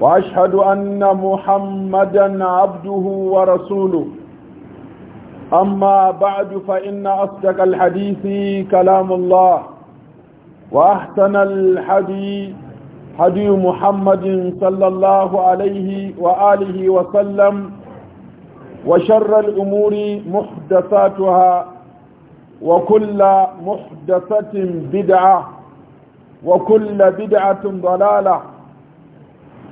وأشهد أن محمدا عبده ورسوله أما بعد فإن أصدق الحديث كلام الله وأحسن الحديث حدي محمد صلى الله عليه وآله وسلم وشر الأمور محدثاتها وكل محدثة بدعة وكل بدعة ضلالة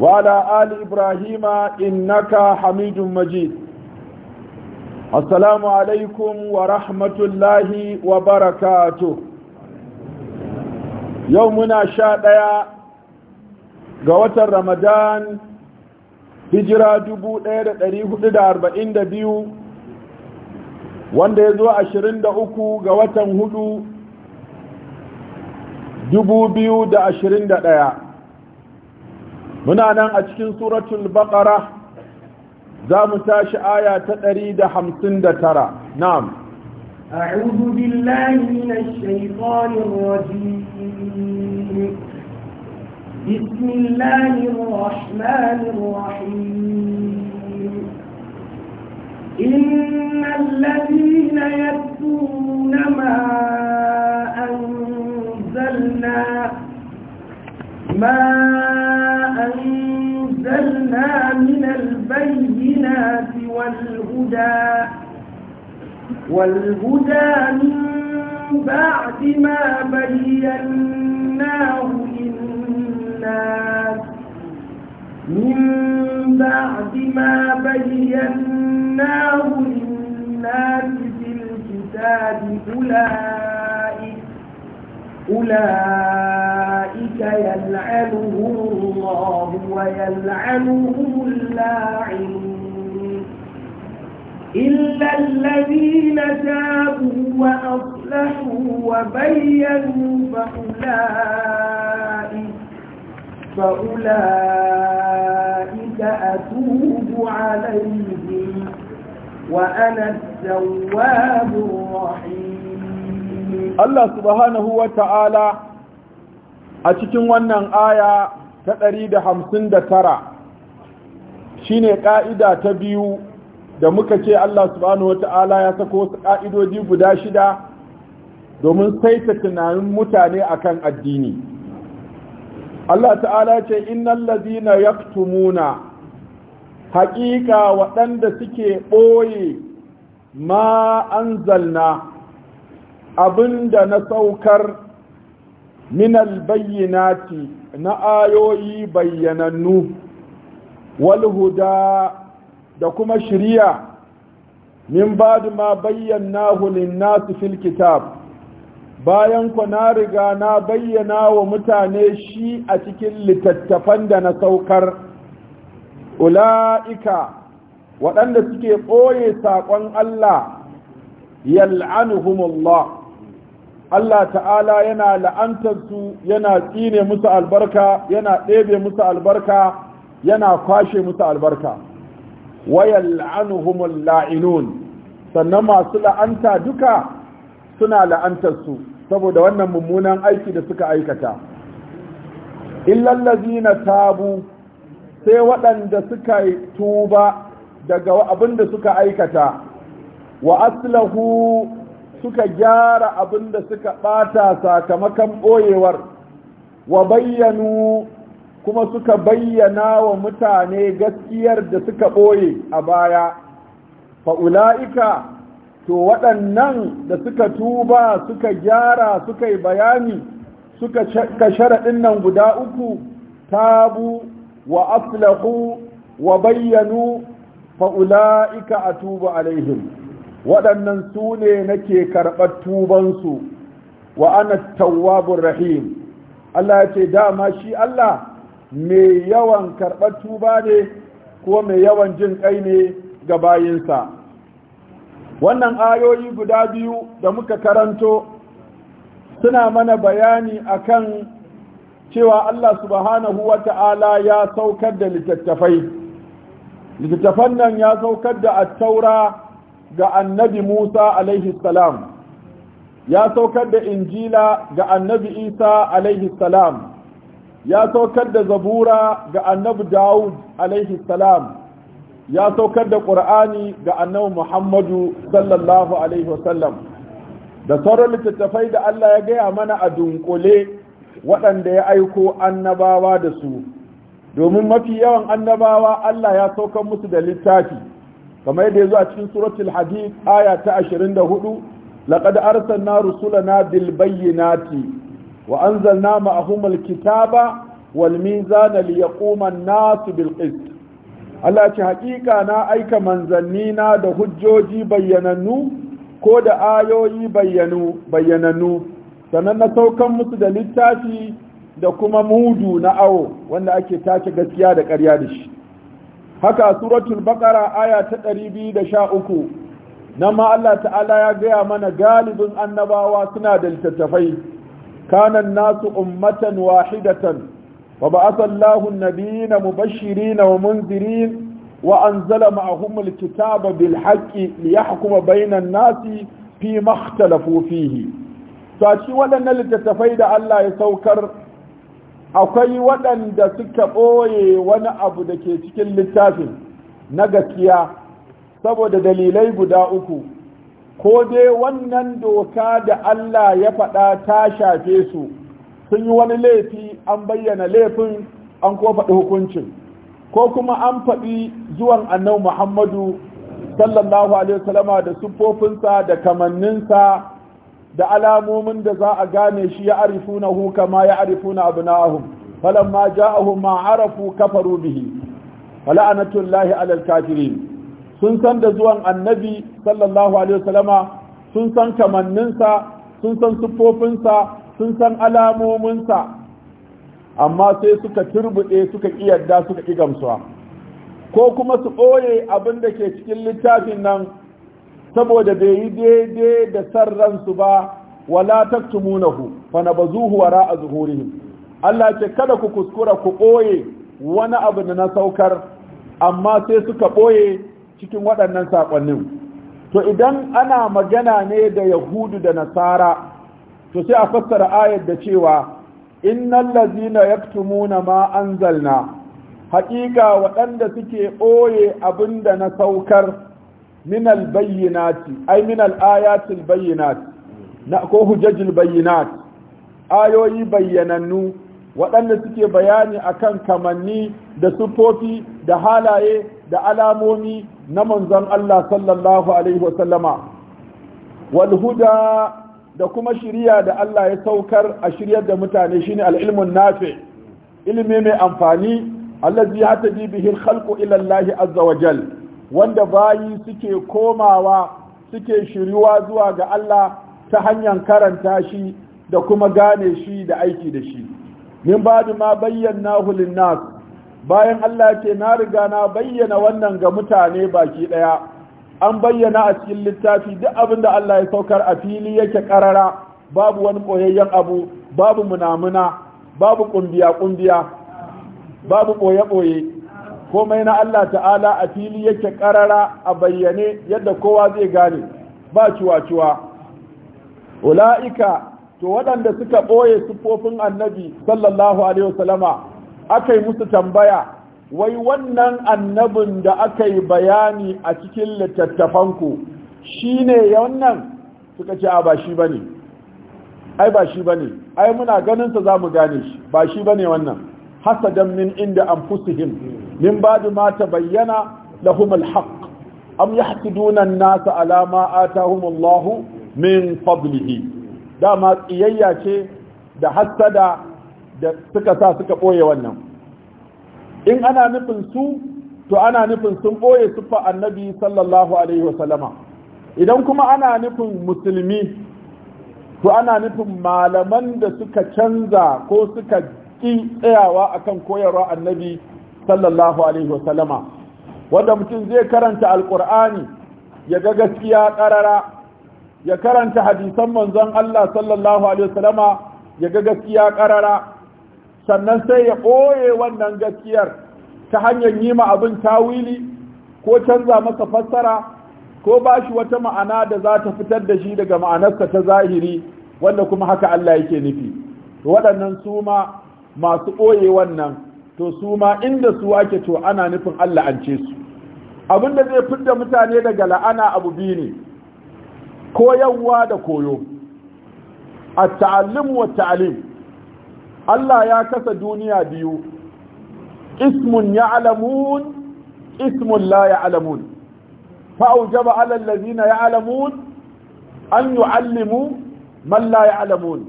وعلى آل إبراهيم إنك حميد مجيد السلام عليكم ورحمة الله وبركاته يومنا شادية قوة رمضان هجرة جبو إيرة تريه بإن دبيو wanda ya zo ashirin da uku ga watan hudu dubu muna أنا a سورة البقرة baqara za آية tashi aya ta نعم أعوذ بالله من الشيطان الرجيم بسم الله الرحمن الرحيم إن الذين يكتمون ما أنزلنا ما أنزلنا من البينات والهدى والهدى من بعد ما بيناه للناس من بعد ما بيناه للناس في الكتاب أولئك أولئك يلعنهم الله ويلعنهم اللاعنون إلا الذين تابوا وأصلحوا وبينوا فأولئك فأولئك أتوب عليهم وأنا التواب الرحيم Allah subhanahu wa ta'ala a cikin wannan aya ta ɗari da da hamsin 159 ne ƙa'ida ta biyu da muka ce Allah subhanahu wa ta'ala ya sako wasu ƙa'idoji guda shida domin saita tunanin mutane akan addini. Allah ta'ala ce, Innan lazina tumuna. haƙiƙa waɗanda suke ɓoye ma'anzalna. abinda na saukar minal bayyinati na ayoyi bayyanannu walhuda da kuma shiriya min ba'd ma bayyana lin nasu fil kitab bayan ku na riga na bayyana wa mutane shi a cikin littattafan da na saukar ula'ika waɗanda suke ɓoye saƙon Allah yal'anuhumullah Allah ta'ala yana la'antarsu yana tsine musu albarka yana ɗebe musu albarka yana kwashe musu albarka wayal anhumul la'inun sannan masu la'anta duka suna la'antarsu saboda wannan mummunan aiki da suka aikata na tabu sai waɗanda suka tuba daga abinda suka aikata wa aslahu suka gyara abin da suka ɓata sakamakon ɓoyewar wa bayyanu kuma suka bayyana wa mutane gaskiyar da suka ɓoye a baya fa'ula'ika to waɗannan da suka tuba suka gyara suka yi bayani suka sharaɗin nan guda uku tabu wa aflahu wa bayyanu fa'ula'ika a tuba alaihim waɗannan su ne nake karɓar tubansu wa ana rahim Allah ya ce dama shi Allah mai yawan karɓar tuba ne ko mai yawan jin ƙai ne ga bayinsa wannan ayoyi guda biyu da muka karanto suna mana bayani akan cewa Allah subhanahu wa ta'ala ya saukar da littattafai littattafan nan ya saukar da attaura ga annabi Musa alaihi salam ya saukar da injila ga annabi Isa alaihi salam ya saukar da zabura ga annabi Dawud alaihi salam ya saukar da ƙur'ani ga annabi Muhammadu sallallahu alaihi wasallam da sauran littattafai da Allah ya gaya mana a dunkule waɗanda ya aiko annabawa da su domin mafi yawan annabawa Allah ya saukar musu da littafi kamar yadda ya zo a cikin suratul hadid aya ta 24 laqad arsalna rusulana bil bayyinati wa anzalna ma'ahum al kitaba wal mizana yaquma an-nas bil qist Allah ce hakika na aika manzanni na da hujjoji bayyanannu ko da ayoyi bayyanu bayyanannu sannan na saukan musu da littafi da kuma mudu na awo wanda ake tace gaskiya da ƙarya da shi haka suratul baqara aya ta 213 nan ma Allah ta'ala ya gaya mana galibin annabawa suna da littattafai kana nasu ummatan wahidatan wa ba'atha Allahu an-nabiyina mubashirin wa munzirin wa anzala ma'ahum al-kitaba bil haqqi liyahkuma bayna an-nasi fi ma ikhtalafu fihi to shi littattafai da Allah ya saukar akwai waɗanda suka ɓoye wani abu da ke cikin littafin na gaskiya saboda dalilai guda uku ko dai wannan doka da Allah ya faɗa ta shafe su sun yi wani laifi an bayyana laifin an ko faɗi hukuncin ko kuma an faɗi zuwan annabi Muhammadu sallallahu alaihi wasallama da siffofinsa da kamanninsa da alamomin da za a gane shi ya arifunahu kama ya arifuna na ahu. ja'ahum ma arafu kafaru bihi fala'anatullahi alal kafirin sun san da zuwan annabi sallallahu alaihi wasallama sun san kamanninsa sun san siffofinsa sun san alamominsa amma sai suka turbuɗe suka ƙiyarda suka ƙi gamsuwa ko kuma su ɓoye abin da ke cikin littafin nan saboda bai yi daidai da san ransu ba wala taktumunahu fa nabazuhu wara a zuhurihim Allah ce kada ku kuskura ku ɓoye wani abu da na saukar amma sai suka ɓoye cikin waɗannan saƙonnin to idan ana magana ne da yahudu da nasara to sai a fassara ayar da cewa innal ladzina yaktumuna ma anzalna haƙiƙa waɗanda suke ɓoye abin da na saukar min albayyinati ay min alayati albayyinat na ko hujajil bayyinat ayoyi bayyanannu waɗanda suke bayani akan kamanni da sufofi da halaye da alamomi na manzon Allah sallallahu alaihi da kuma shiriya da Allah ya saukar a shiryar da mutane shine al-ilmun nafi ilimi mai amfani allazi yahtaji bihi al-khalqu ila Allah azza wa jalla wanda bayi suke komawa suke shiryuwa zuwa ga Allah ta hanyar karanta shi da kuma gane shi da aiki da shi min ba'di ma bayyana nas bayan Allah ce na riga na bayyana wannan ga mutane baki ɗaya. an bayyana a cikin littafi duk abin da Allah ya saukar a fili yake ƙarara, babu wani ɓoyayyen abu babu munamuna babu ƙumbiya-ƙumbiya, babu ɓoye boye komai na Allah ta'ala a fili yake karara a bayyane yadda kowa zai gane ba ciwa-ciwa ula'ika to waɗanda suka ɓoye siffofin annabi sallallahu alaihi wasallama aka yi musu tambaya wai wannan annabin da aka yi bayani a cikin littattafanku shi ne wannan suka ce a ba shi ba ne ai ba shi ba ne ai muna ganinsa za mu gane shi ba shi ba ne wannan hasadan min inda an fusihin min ba'di mata bayyana lahum al-haqq am yahsuduna an-nasa ala ma atahum Allah min fadlihi tsiyayya ce da hassada da suka sa suka ɓoye wannan in ana nufin su to ana nufin sun boye siffa annabi sallallahu alaihi wasallama idan kuma ana nufin musulmi to ana nufin malaman da suka canza ko suka ƙi tsayawa akan koyarwa annabi sallallahu alaihi wasallama wanda mutum zai karanta alkur'ani ya ga gaskiya karara ya karanta hadisan manzon Allah sallallahu alaihi wasallama ya ga gaskiya karara sannan sai ya ɓoye wannan gaskiyar ta hanyar yi ma abin tawili ko canza masa fassara ko ba shi wata ma'ana da za ta fitar da shi daga ma'anarsa ta zahiri wanda kuma haka Allah yake nufi waɗannan su ma masu ɓoye wannan to su ma inda su ake to ana nufin Allah an ce su abinda zai fidda mutane daga la'ana abu biyu ne koyarwa da koyo A taallim wa ta'lim Allah ya kasa duniya biyu ismun ya'lamun ismun la ya'lamun fa aujaba 'ala alladhina ya'lamun an yu'allimu man la ya'lamun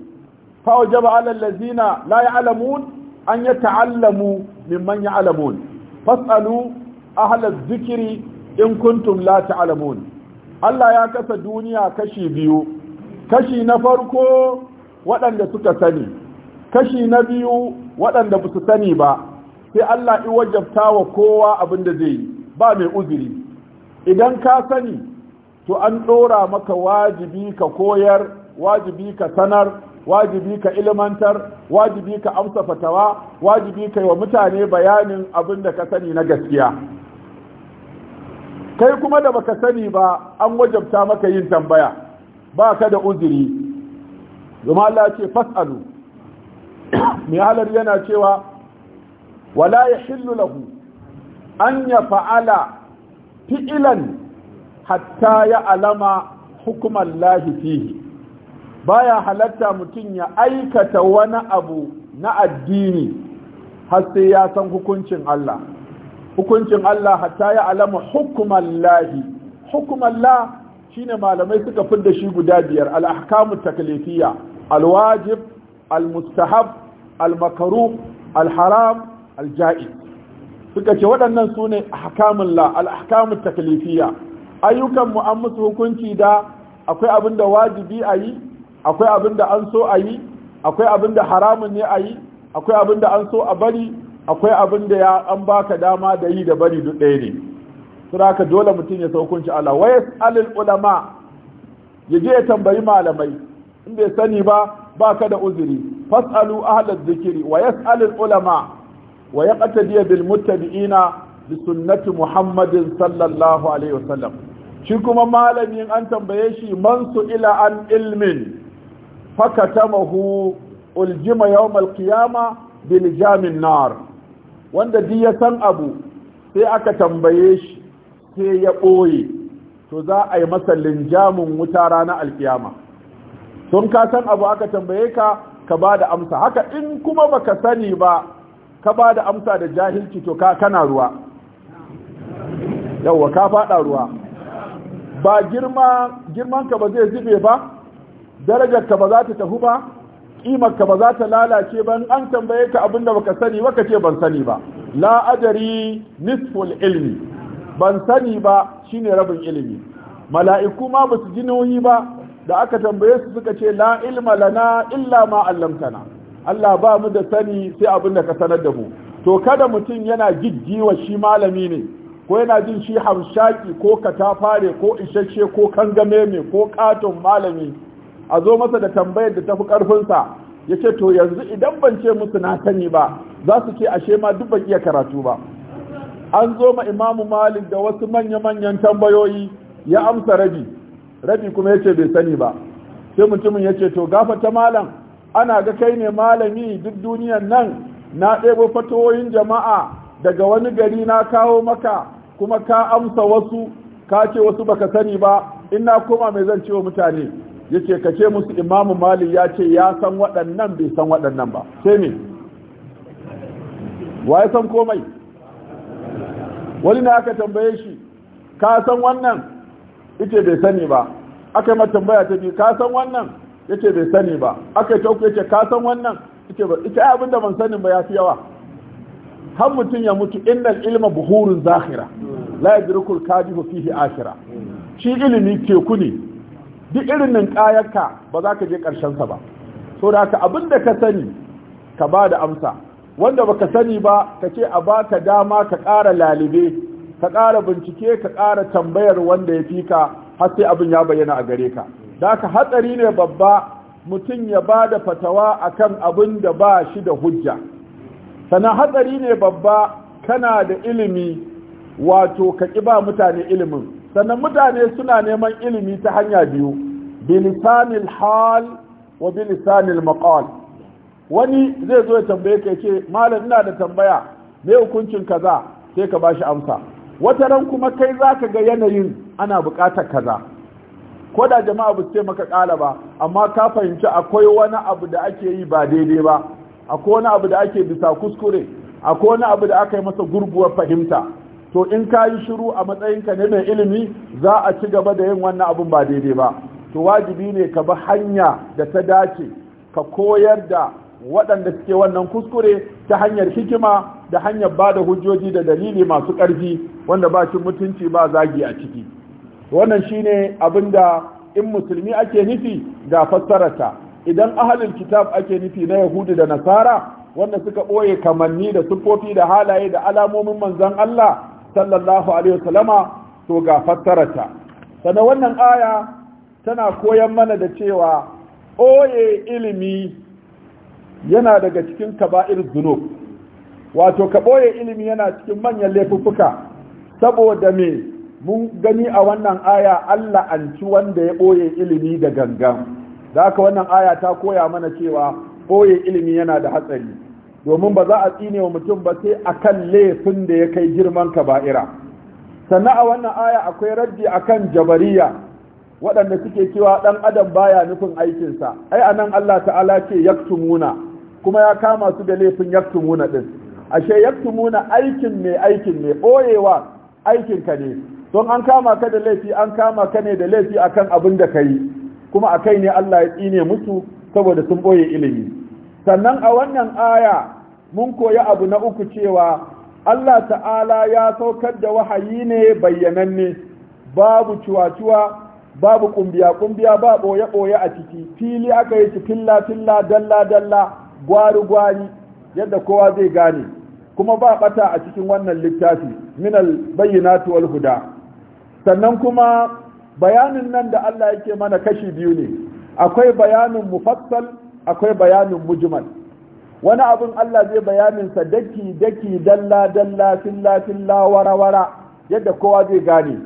fa aujaba 'ala alladhina la ya'lamun an ya ta'allamu mimman alamun fasalu ahla zikiri in kuntum la ta'lamun Allah ya kasa duniya kashi biyu kashi na farko waɗanda suka sani kashi na biyu waɗanda ba su sani ba sai Allah i wajabta wa kowa abin da zai yi ba mai uziri. idan ka sani to an ɗora maka wajibi ka koyar wajibi ka sanar wajibi ka ilimantar, wajibi ka amsa fatawa wajibi ka wa mutane bayanin abin da ka sani na gaskiya kai kuma da baka sani ba an wajabta maka yin tambaya ba ka da uzuri zama Allah ce fas'alu mai halar yana cewa wala yahillu lahu an ya fa'ala fi'ilan hatta ya alama hukuman lahi fihi baya halatta mutum ya aikata wani abu na addini har sai ya san hukuncin Allah hukuncin Allah hatta ya alama hukuman lahi hukuman la shine malamai suka fidda shi guda biyar al-ahkamu taklifiyya al-wajib al-mustahab al suka ce waɗannan sune ahkamun la al-ahkamu ayyukan mu an musu hukunci da akwai abin da wajibi a yi akwai abin da an so a yi akwai abin da haramun ne a yi akwai abin da an so a bari akwai abin da ya an baka dama da yi da bari duk ɗaya ne suraka dole mutum ya saukunci Allah wa yas'alul ulama ya je ya tambayi malamai in bai sani ba baka da uzuri fasalu ahlaz zikri wa yas'alul ulama wa yaqtadi bil muttabi'ina bi sunnati muhammadin sallallahu alaihi wasallam shi kuma malamin an tambaye shi mansu su ila an ilmin fakatamahu uljima yawmal qiyama bil jamin nar wanda di ya san abu sai aka tambaye shi sai ya boye to za a yi masa linjamin wuta rana alkiyama sun ka san abu aka tambaye ka ka ba da amsa haka in kuma baka sani ba ka ba da amsa da jahilci to ka kana ruwa yauwa ka fada ruwa ba girma ka ba zai zube ba darajar ka ba za ta tafi ba kimar ka ba za ta lalace ba an tambaye ka abin da baka sani ba ce ban sani ba la nisful ilmi ban sani ba shine rabin ilimi mala'iku ma ba su jinohi ba da aka tambaye su suka ce la ilma lana illa ma allamtana Allah ba mu da sani sai abin da ka sanar da mu to kada mutum yana jijjiwa shi malami ne ko yana jin shi hamshaki ko katafare ko isasshe ko kangame mai ko katon malami a zo masa da tambayar da tafi karfinsa ya ce to yanzu idan ban ce musu na sani ba za su ce ashe ma duk ban iya karatu ba an zo ma imamu malik da wasu manya-manyan tambayoyi ya amsa rabi rabi kuma ya ce bai sani ba sai mutumin ya ce to ta malam ana ga kai ne malami duk duniyan nan na ɗebo fatoyin jama'a daga wani gari na kawo maka kuma ka amsa wasu ka ce wasu baka sani ba ina koma mai zan ce wa mutane yace ka ce musu imamu malik ya ce ya san waɗannan bai san waɗannan ba sai me ya san komai wani na aka tambaye shi ka san wannan yace bai sani ba aka yi tambaya ta biyu ka san wannan yace bai sani ba aka yi tauku yace ka san wannan yace ba ita abin da ban sanin ba ya fi yawa har mutum ya mutu innal ilma buhurun zahira. la yadrukul kadibu fihi akhira shi ilimi ke ku ne duk irin nan kayarka ba za ka je ƙarshen sa ba so da haka abin da ka sani ka ba da amsa wanda ba ka sani ba ka ce a ba ka dama ka ƙara lalibe ka ƙara bincike ka ƙara tambayar wanda ya fi ka har sai abin ya bayyana a gare ka da haka hatsari ne babba mutum ya ba da fatawa a kan abin da ba shi da hujja sannan hatsari ne babba kana da ilimi wato ka ƙi ba mutane ilimin sannan mutane suna neman ilimi ta hanya biyu bilisanil hal wa bilisanil maqal wani zai zo ya tambaye ka ce malam ina da tambaya me hukuncin kaza sai ka bashi amsa wata ran kuma kai zaka ga yanayin ana buƙatar kaza ko da jama'a ba su ce maka ƙala ba amma ka fahimci akwai wani abu da ake yi ba daidai ba akwai wani abu da ake bisa kuskure akwai wani abu da aka yi masa gurguwar fahimta to in ka yi shiru a matsayinka ne mai ilimi za a ci gaba da yin wannan abin ba daidai ba to wajibi ne ka bi hanya da ta dace ka koyar da waɗanda suke wannan kuskure ta hanyar hikima da hanyar ba da hujjoji da dalili masu ƙarfi wanda ba shi mutunci ba zagi a ciki wannan shine abin da in musulmi ake nufi ga fassararta idan ahalin kitab ake nufi na yahudu da nasara wanda suka ɓoye kamanni da siffofi da halaye da alamomin manzon Allah sallallahu alaihi wasallama to ga fassararta sannan wannan aya tana koyan mana da cewa oye ilimi yana daga cikin kaba'ir zunub wato ka boye ilimi yana cikin manyan laifuffuka saboda me mun gani a wannan aya Allah an ci wanda ya boye ilimi da gangan da wannan aya ta koya mana cewa boye ilimi yana da hatsari domin ba za a tsine wa mutum ba sai akan laifin da ya kai girman ka baira sannan a wannan aya akwai raddi akan jabariya waɗanda suke cewa ɗan adam baya nufin aikinsa ai a nan Allah ta'ala ce yaktumuna kuma ya kama su da laifin yaktumuna ɗin ashe yaktumuna aikin ne aikin ne ɓoyewa aikin ka ne don an kama ka da laifi an kama ka ne da laifi akan abin da ka yi kuma a kai ne Allah ya tsine musu saboda sun ɓoye ilimi sannan a wannan aya mun koyi abu na uku cewa Allah ta'ala ya saukar da wahayi ne bayyananne babu cuwa-cuwa babu kumbiya-kumbiya ba ɓoye-ɓoye a ciki fili aka yi shi filla-filla dalla-dalla gwari-gwari yadda kowa zai gane kuma ba ɓata a cikin wannan littafi minal bayyanatu wal huda sannan kuma bayanin nan da Allah yake mana kashi biyu ne akwai bayanin mufassal akwai bayanin mujmal wani abin Allah zai bayanin sa daki daki dalla dalla filla filla wara wara yadda kowa zai gane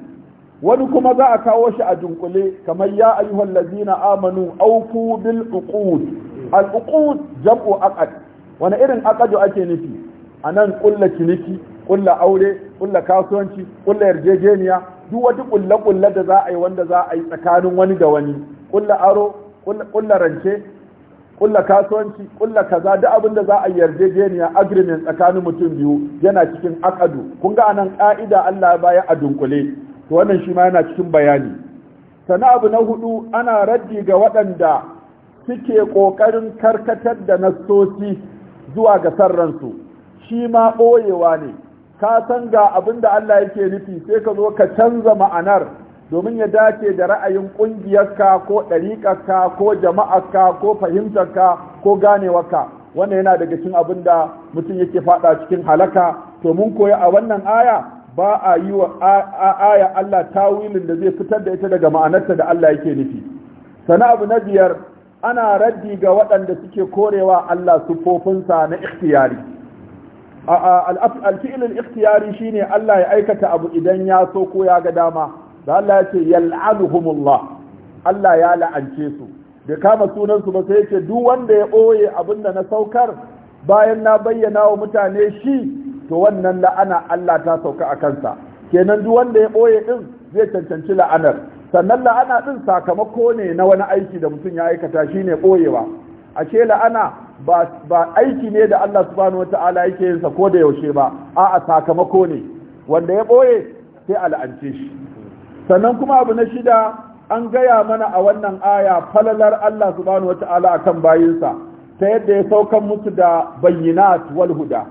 wani kuma za a kawo shi a dunkule kamar ya ayyuhal ladina amanu aufu bil uqud al uqud jam'u aqad wani irin aqadu ake nufi anan kulla ciniki kulla aure kulla kasuwanci kulla yarjejeniya duk wata kulla kulla da za a yi wanda za a yi tsakanin wani da wani kulla aro kulla rance kulla kasuwanci kulla kaza duk abin da za a yarjejeniya agreement tsakanin mutum biyu yana cikin akadu kun ga anan ka'ida Allah baya a dunkule to wannan shi ma yana cikin bayani sana abu na hudu ana raddi ga waɗanda suke kokarin karkatar da nasosi zuwa ga sarransu shi ma ɓoyewa ne ka san ga abin da Allah yake nufi sai ka zo ka canza ma'anar domin ya dace da ra'ayin ƙungiyarka ko ɗariƙarka ko jama'arka ko fahimtarka ko ganewarka wannan yana daga cikin abin da mutum yake faɗa cikin halaka to mun koya a wannan aya ba a yi wa aya Allah tawilin da zai fitar da ita daga ma'anarta da Allah yake nufi sana abu na biyar ana raddi ga waɗanda suke korewa Allah sufofinsa na ikhtiyari alfi'ilin ikhtiyari shine Allah ya aikata abu idan ya so ko ya ga dama da Allah ya ce yal'anuhumullah Allah ya la'ance su bai kama sunansu ba sai yake duk wanda ya ɓoye abin da na saukar bayan na bayyana wa mutane shi to wannan la'ana Allah ta sauka a kansa kenan duk wanda ya boye ɗin zai cancanci la'anar sannan la'ana ɗin sakamako ne na wani aiki da mutum ya aikata shi ne ɓoyewa ashe la'ana ba aiki ne da Allah subhanahu wata'ala yake sa ko da yaushe ba a'a sakamako ne wanda ya ɓoye sai a la'ance shi sannan kuma abu na shida an gaya mana a wannan aya falalar Allah subhanahu wata'ala akan bayinsa ta yadda ya saukan musu da bayyinat wal huda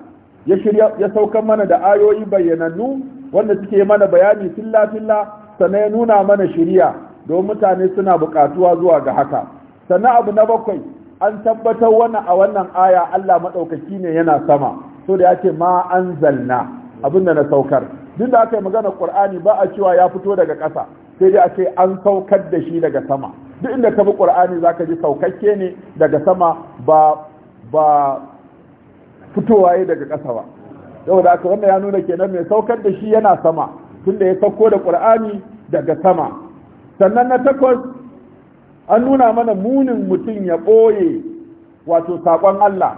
ya shirya ya saukan mana da ayoyi bayyanannu wanda suke mana bayani filla filla sannan ya nuna mana shiriya don mutane suna buƙatuwa zuwa ga haka sannan abu na bakwai an tabbatar wani a wannan aya Allah maɗaukaki ne yana sama so da ya ce ma anzalna abin da na saukar duk da aka yi magana qur'ani ba a cewa ya fito daga ƙasa sai dai a ce an saukar da shi daga sama duk inda ka bi qur'ani zaka ji saukakke ne daga sama ba ba fitowa ya daga ƙasa ba saboda aka wannan ya nuna kenan mai saukar da shi yana sama tunda ya sauko da qur'ani daga sama sannan na takwas an nuna mana munin mutum ya ɓoye wato saƙon Allah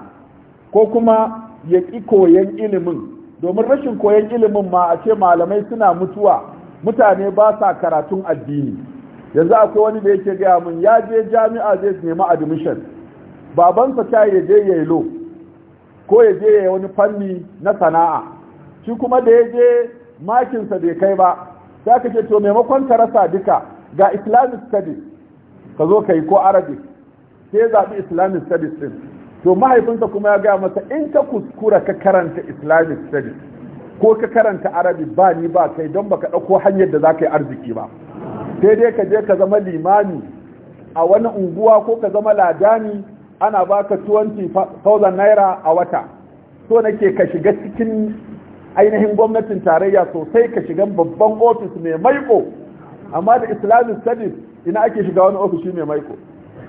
ko kuma ya ƙi koyon ilimin domin rashin koyon ilimin ma a ce malamai suna mutuwa mutane ba sa karatun addini yanzu akwai wani da yake gaya mun ya je jami'a zai nemi admission babansa ta ya je ya lo ko ya je ya wani fanni na sana'a shi kuma da ya je makinsa bai kai ba sai ka to maimakon ka rasa duka ga islamic studies ka zo ka yi ko arabic sai zaɓi islamic studies din to mahaifinsa kuma ya gaya masa in ka kuskura ka karanta islamic studies ko ka karanta arabi ba ni ba kai don baka ɗauko hanyar da za ka yi arziki ba sai dai ka je ka zama limami a wani unguwa ko ka zama ladani ana baka 20,000 naira a wata so nake ka shiga cikin ainihin gwamnatin tarayya sosai ka shiga babban ofis mai maiko amma da islamic studies ina ake shiga wani ofishi mai maiko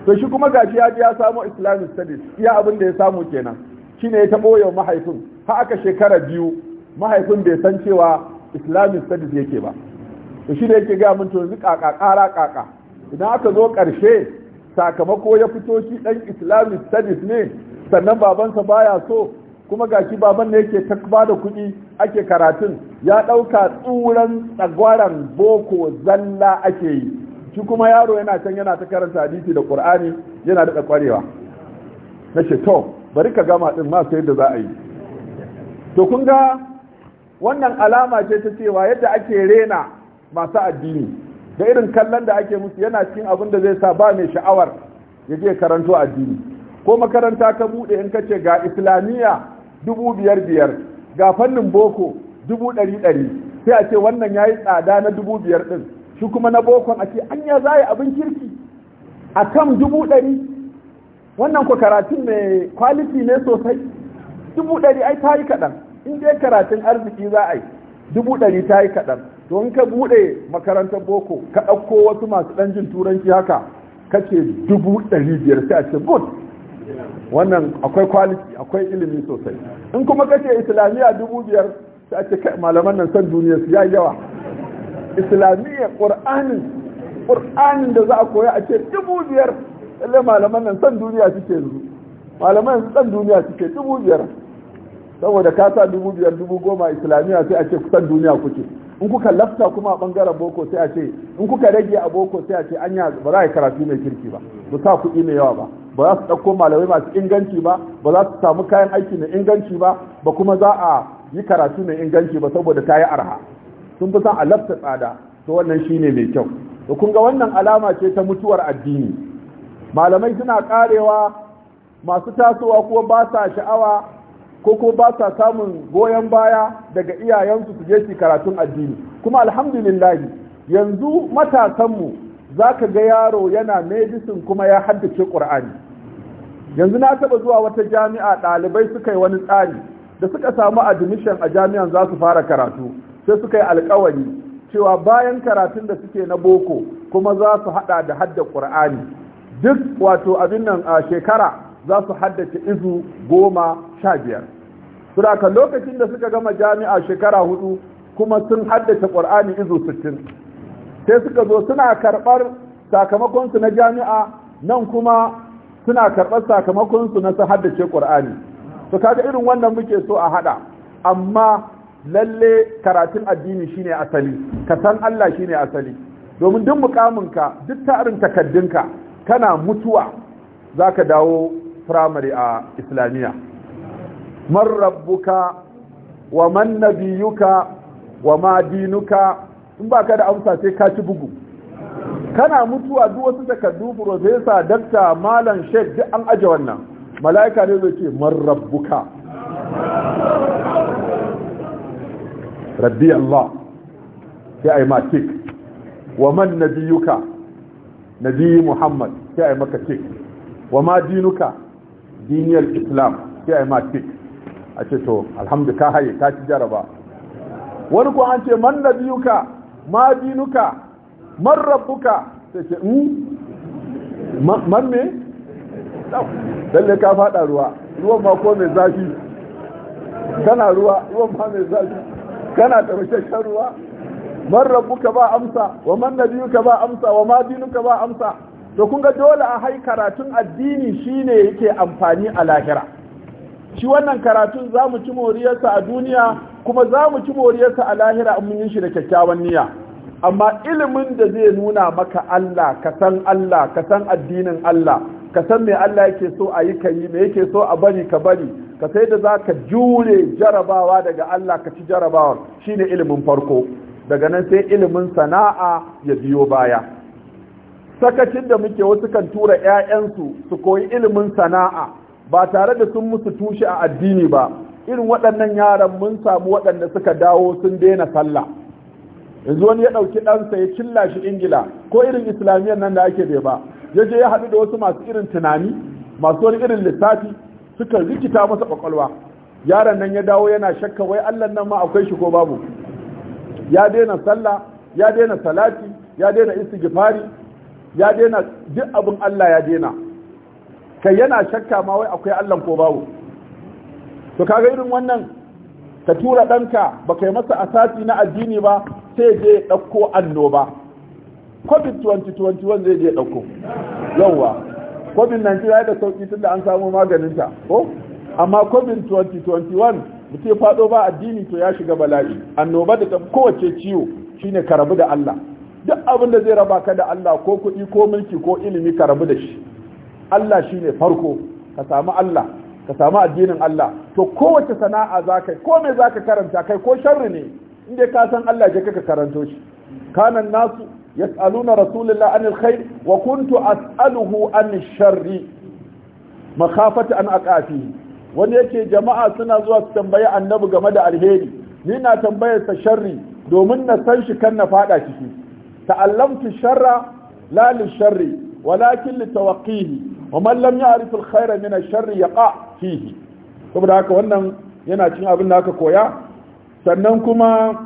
to shi kuma gashi ya ya samu islamic studies iya abin da ya samu kenan shine ya taɓo yau mahaifin har aka shekara biyu mahaifin bai san cewa islamic studies yake ba to shi da yake ga mun to yanzu kaka kara kaka idan aka zo ƙarshe sakamako ya fito shi dan islamic studies ne sannan babansa baya so kuma gashi baban ne yake ta ba da kuɗi ake karatun ya ɗauka tsuran tsagwaran boko zalla ake yi shi kuma yaro yana can yana ta karanta hadisi da qur'ani yana da kwarewa na to bari ka gama din ma sai da za a yi to kun ga wannan alama ce ta cewa yadda ake rena masu addini da irin kallon da ake musu yana cikin abin da zai sa ba mai sha'awar ya je karanto addini ko makaranta ka bude in kace ga Islamiya dubu biyar biyar ga fannin boko dubu ɗari ɗari sai a ce wannan ya yi tsada na dubu biyar ɗin shi kuma na bokon a ce an ya yi abin kirki a kan dubu ɗari wannan ku karatun mai kwaliti ne sosai dubu ɗari ai ta yi kaɗan in dai karatun arziki za a yi dubu ɗari ta yi kaɗan to in ka buɗe makarantar boko ka ɗauko wasu masu ɗan jin turanci haka ka ce dubu ɗari biyar sai a ce good wannan akwai kwaliti akwai ilimi sosai in kuma ka ce islamiyya dubu biyar sai a ce malaman nan san duniya su yayi yawa islamiyya ƙur'anin ƙur'anin da za a koya a ce dubu biyar lalle malaman nan san duniya suke yanzu malaman nan san duniya suke dubu biyar saboda ka sa dubu biyar dubu goma islamiyya sai a ce san duniya kuke in kuka lafta kuma a bangaren boko sai a ce in kuka rage a boko sai a ce anya ba za a yi karatu mai kirki ba ba sa kuɗi mai yawa ba ba za su ɗauko malamai masu inganci ba ba za su samu kayan aiki mai inganci ba ba kuma za a yi karatu mai inganci ba saboda ta yi arha sun fi son alafta tsada to wannan shi ne mai kyau da kunga wannan alama ce ta mutuwar addini malamai suna karewa masu tasowa kuma ba sa sha'awa ko ko ba sa samun goyon baya daga iyayensu su je su karatun addini kuma alhamdulillah yanzu matasanmu za ka ga yaro yana medicine kuma ya haddace ƙur'ani yanzu na taɓa zuwa wata jami'a ɗalibai suka yi wani tsari da suka samu admission a jami'an za su fara karatu sai suka yi alkawari cewa bayan karatun da suke na boko kuma za su hada da hadda ƙur'ani duk wato abin nan a shekara za su haddace izu goma sha biyar suraka lokacin da suka gama jami'a shekara hudu kuma sun haddace ƙur'ani izu sittin sai suka zo suna karɓar sakamakonsu na jami'a nan kuma suna karɓar sakamakonsu na su haddace ƙur'ani su kaga irin wannan muke so a haɗa amma lalle karatun addini shine asali ka san Allah shine asali domin duk mukaminka duk tarin takaddunka kana mutuwa zaka dawo primary a islamiya man rabbuka wa man nabiyuka wa ma dinuka in baka da amsa sai ka ci bugu kana mutuwa duk wasu takaddu professor dakta malam sheikh duk an aje wannan mala'ika ne zai ce man rabbuka rabbi Allah sai a yi ma tik wa man nabiyuka nabi Muhammad sai a yi maka tik wa ma dinuka diniyar Islam sai a yi ma tik a ce to alhamdu ka haye ka ci jaraba wani ko an ce man nabiyuka ma dinuka man rabbuka sai ce hmm? man me lalle ka fada ruwa ruwan ma ko mai zafi kana ruwa ruwan ma mai zafi kana taushashen ruwa man rabbuka ba amsa wa man nabiyuka ba amsa wa ma dinuka ba amsa to kun ga dole a hai karatun addini shine yake amfani a lahira shi wannan karatun za mu ci moriyarsa a duniya kuma za mu ci moriyarsa a lahira in mun yi shi da kyakkyawan niyya amma ilimin da zai nuna maka Allah ka san Allah ka san addinin Allah ka san me Allah yake so a yi ka yi yake so a bari ka bari ka sai da za ka jure jarabawa daga Allah ka ci Shi ne ilimin farko daga nan sai ilimin sana'a ya biyo baya sakacin da muke wasu kan tura 'ya'yansu su koyi ilimin sana'a ba tare da sun musu tushe a addini ba irin waɗannan yaran mun samu waɗanda suka dawo sun daina sallah yanzu wani ya ɗauki ɗansa ya cilla shi ingila ko irin islamiyyar nan da ake bai ba ya je ya haɗu da wasu masu irin tunani masu wani irin lissafi suka rikita masa kwakwalwa yaron nan ya dawo yana shakka wai Allah nan ma akwai shi ko babu ya daina sallah ya daina salati ya daina istighfari ya daina duk abin Allah ya daina kai yana shakka ma wai akwai Allah ko babu to kaga irin wannan ka tura ɗanka ba kai masa asasi na addini ba sai je ɗauko annoba covid 2021 zai je ɗauko yawwa covid 19 ya da sauki tunda an samu maganinta ko amma kobin 2021 mu ya fado ba addini to ya shiga bala'i annoba da kowace ciwo shine karabu da Allah duk abin da zai raba ka da Allah ko kuɗi ko mulki ko ilimi ka da shi Allah shine farko ka samu Allah ka samu addinin Allah to kowace sana'a zaka ko me zaka karanta kai ko sharri ne inda ka san Allah je ka karanto shi kanan nasu يسألون رسول wa kuntu الخير وكنت أسأله عن الشر مخافة أن أقع فيه wanda yake jama'a suna zuwa su tambayi annabi game da alheri ni na tambayar ta sharri domin na san shi kan na fada ciki ta'allamtu sharra la li sharri walakin li tawqihi wa man lam ya'rif al khayra min ash sharri yaqa fihi saboda haka wannan yana cin abin da aka koya sannan kuma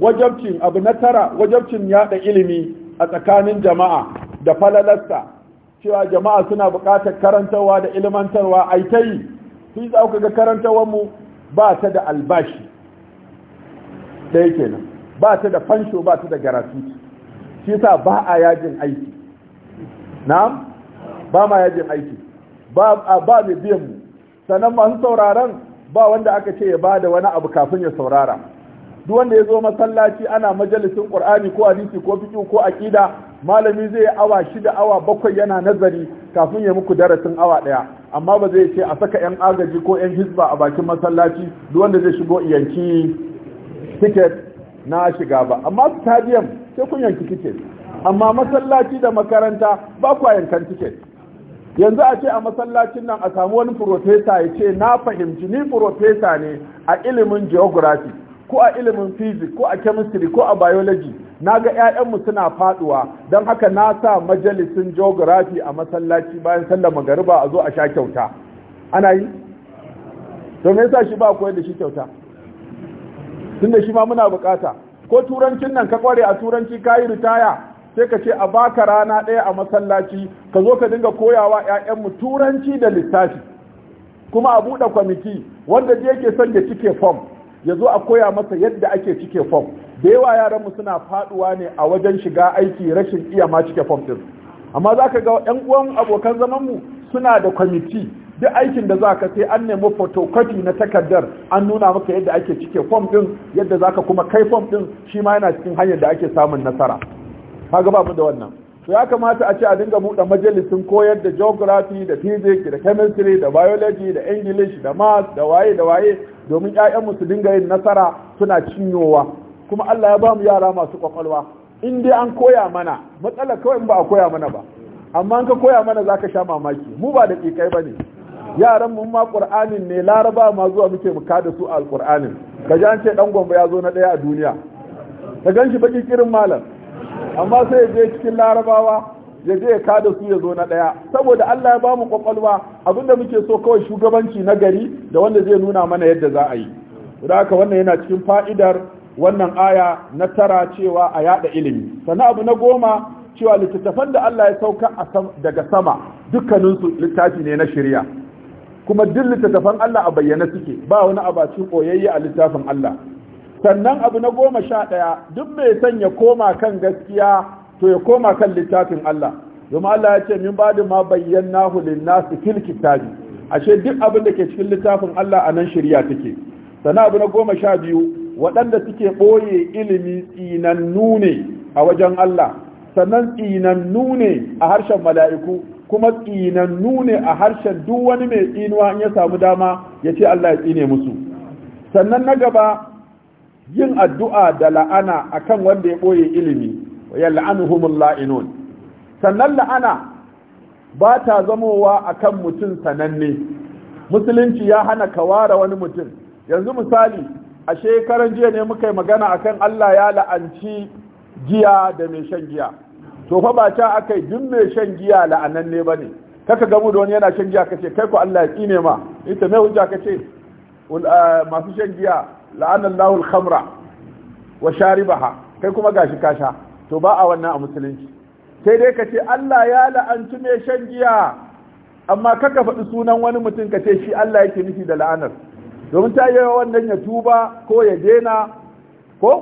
wajabcin abu na tara wajabcin yada ilimi a tsakanin jama'a da falalasta cewa jama'a suna buƙatar karantarwa da ilmantarwa ai ta yi fi za ku ga karantarwar mu ba ta da albashi ɗaya kenan ba ta da fansho ba ta da garatuti shi sa ba a yajin aiki na'am ba ma yajin aiki ba ba mai biyan mu sannan masu sauraron ba wanda aka ce ya ba da wani abu kafin ya saurara duk wanda ya zo masallaci ana majalisin qur'ani ko hadisi ko fiqh ko aqida malami zai awa shida awa bakwai yana nazari kafin ya muku darasin awa daya amma ba zai ce a saka yan agaji ko yan hisba a bakin masallaci duk wanda zai shigo yanki ticket na shiga ba amma stadium sai kun yanki ticket amma masallaci da makaranta ba ku yankan ticket yanzu a ce a masallacin nan a samu wani profesa ya ce na fahimci ni profesa ne a ilimin geography ko a ilimin fizik, ko a chemistry ko a biology na ga 'ya'yanmu suna faduwa don haka na sa majalisun geography a masallaci bayan sallama magariba a zo a sha kyauta ana yi to me yasa shi ba koyar da shi kyauta da shi ma muna bukata ko turancin nan ka kware a turanci ka yi ritaya sai ka ce a baka rana ɗaya a masallaci ka zo ka dinga koyawa 'ya'yanmu turanci da littafi? kuma a buɗe kwamiti wanda da yake son da cike fom ya zo a koya masa yadda ake cike fom da yawa yaranmu suna faduwa ne a wajen shiga aiki rashin iya ma cike fom ɗin. amma za ka ga yan uwan abokan zamanmu suna da kwamiti duk aikin da za ka sai an nemi photocopy na takardar an nuna maka yadda ake cike fom ɗin, yadda za ka kuma kai fom ɗin, shi ma yana cikin hanyar da ake samun nasara ka ga babu da wannan to ya kamata a ce a dinga buɗe majalisin koyar da geography da physics da chemistry da biology da english da math da waye da waye domin 'ya'yanmu su dinga yin nasara suna cinyowa kuma Allah ya ba mu yara masu kwakwalwa in dai an koya mana matsala kawai in ba a koya mana ba amma an ka koya mana zaka sha mamaki mu ba da ba ne. yaran mu ma qur'anin ne laraba ma zuwa muke mu kada su alqur'anin ka ji an ce dan gombe ya zo na ɗaya a duniya ka shi baki kirin malam amma sai ya je cikin larabawa ya je ya kada su ya zo na ɗaya saboda Allah ya ba mu kwakwalwa abinda muke so kawai shugabanci na gari da wanda zai nuna mana yadda za a yi da haka wannan yana cikin fa'idar wannan aya na tara cewa a yada ilimi sannan abu na goma cewa littattafan da Allah ya sauka daga sama dukkaninsu littafi ne na shirya kuma duk littattafan Allah a bayyana suke ba wani abacin koyayye a littafin Allah sannan abu na goma sha ɗaya duk mai sanya koma kan gaskiya to ya koma kan littafin Allah domin Allah ya ce min bada ma bayyana lin-nasi fil kitabi ashe duk abin da ke cikin littafin Allah a anan shari'a take sana abu na goma sha biyu waɗanda suke ɓoye ilimi tsinannu ne a wajen Allah sannan tsinannu ne a harshen mala'iku kuma tsinannu ne a harshen duk wani mai tsinuwa in ya samu dama ya ce Allah ya tsine musu sannan na gaba yin addu'a da la'ana akan wanda ya ɓoye ilimi wa yal'anuhumul la'inun sannan la'ana ba ta zamowa akan mutum sananne musulunci ya hana kawara wani mutum yanzu misali a shekaran jiya ne muka yi magana akan Allah ya la'anci giya da mai shan giya to fa akai duk mai shan giya la'ananne bane kaka gamu da wani yana shan giya kace kai ko Allah ya tsine ma ita mai hujja kace masu shan giya la'anallahu al-khamra wa sharibaha kai kuma gashi ka sha to ba a wannan a musulunci sai dai ka ce Allah ya la'antu mai shan giya amma kaka faɗi sunan wani mutum ka ce shi Allah yake nufi da la'anar domin ta yi wannan ya tuba ko ya dena ko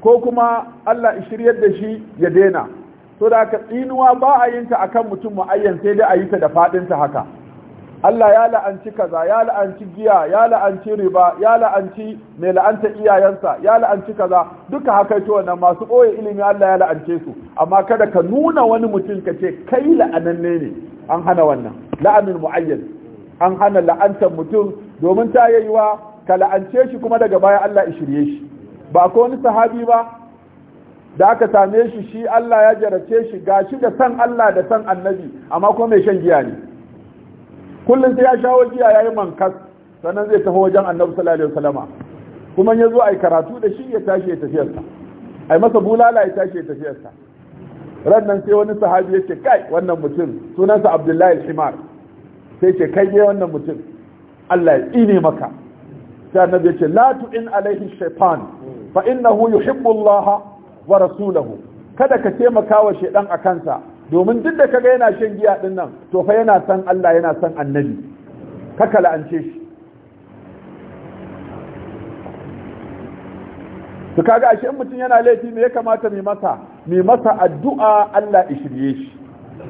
ko kuma Allah shiryar da shi ya dena to da ka tsinuwa ba a yinta akan mutum mu'ayyan sai dai a yi ta da faɗinta haka Allah ya la'anci kaza ya la'anci giya ya la'anci riba ya la'anci mai la'anta iyayensa ya la'anci kaza duka haka to wannan masu boye ilimi Allah ya la'ance su amma kada ka nuna wani mutum ka ce kai la'ananne ne an hana wannan la'anin mu'ayyan an hana la'antar mutum domin ta yayiwa ka la'ance shi kuma daga baya Allah ya shirye shi ba ko wani sahabi ba da aka same shi shi Allah ya jarace shi gashi da san Allah da san annabi amma ko mai shan giya ne kullum sai ya shawo ya yayi mankas sannan zai tafi wajen annabi sallallahu alaihi wasallama kuma ya zo ai karatu da shi ya tashi ya tafiyarsa ai masa bulala ya tashi ya tafiyarsa rannan sai wani sahabi ya ce kai wannan mutum sunansa abdullahi al-himar sai ce kai ne wannan mutum Allah ya tsine maka sai annabi ya ce la tu'in alaihi shaytan fa innahu yuhibbu Allah wa rasulahu kada ka taimaka wa shaydan a kansa domin duk da kaga yana shan giya din nan to fa yana san Allah yana san annabi kaka la'ance shi to kaga ashe in mutum yana laifi me ya kamata mai masa mai masa addu'a Allah ya shirye shi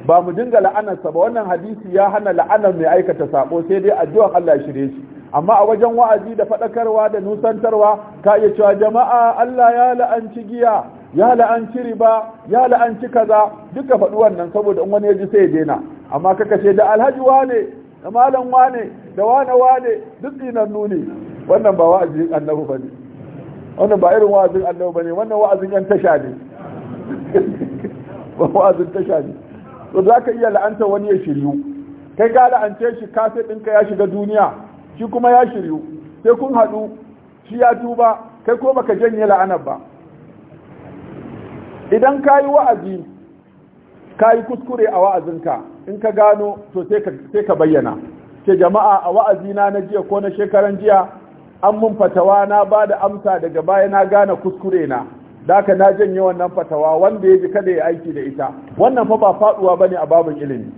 ba mu dinga la'anarsa ba wannan hadisi ya hana la'anar mai aikata sako sai dai addu'an Allah ya shirye shi amma a wajen wa'azi da faɗakarwa da nusantarwa ka iya cewa jama'a Allah ya la'anci giya ya la'anci riba ya la'anci kaza duka faɗi wannan saboda in wani ya ji sai ya daina amma kaka ce da alhaji wane da malam wane da wane wane duk dinan nuni wannan ba wa'azin annabi bane wannan ba irin wa'azin annabi bane wannan wa'azin yan tasha ne ba wa'azin tasha ne to zaka iya la'anta wani ya shiryu kai ka la'ance shi kafe ɗinka ya shiga duniya shi kuma ya shiryu sai kun haɗu shi ya tuba kai ko baka janye la'anar ba idan ka yi wa'azi ka yi kuskure a wa'azinka in ka gano to sai ka bayyana ce jama'a a wa'azina na jiya ko na shekaran jiya an mun fatawa na ba da amsa daga baya na gane kuskure na daka na janye wannan fatawa wanda ya ji kada ya aiki da ita wannan fa ba faduwa bane a babin ilimi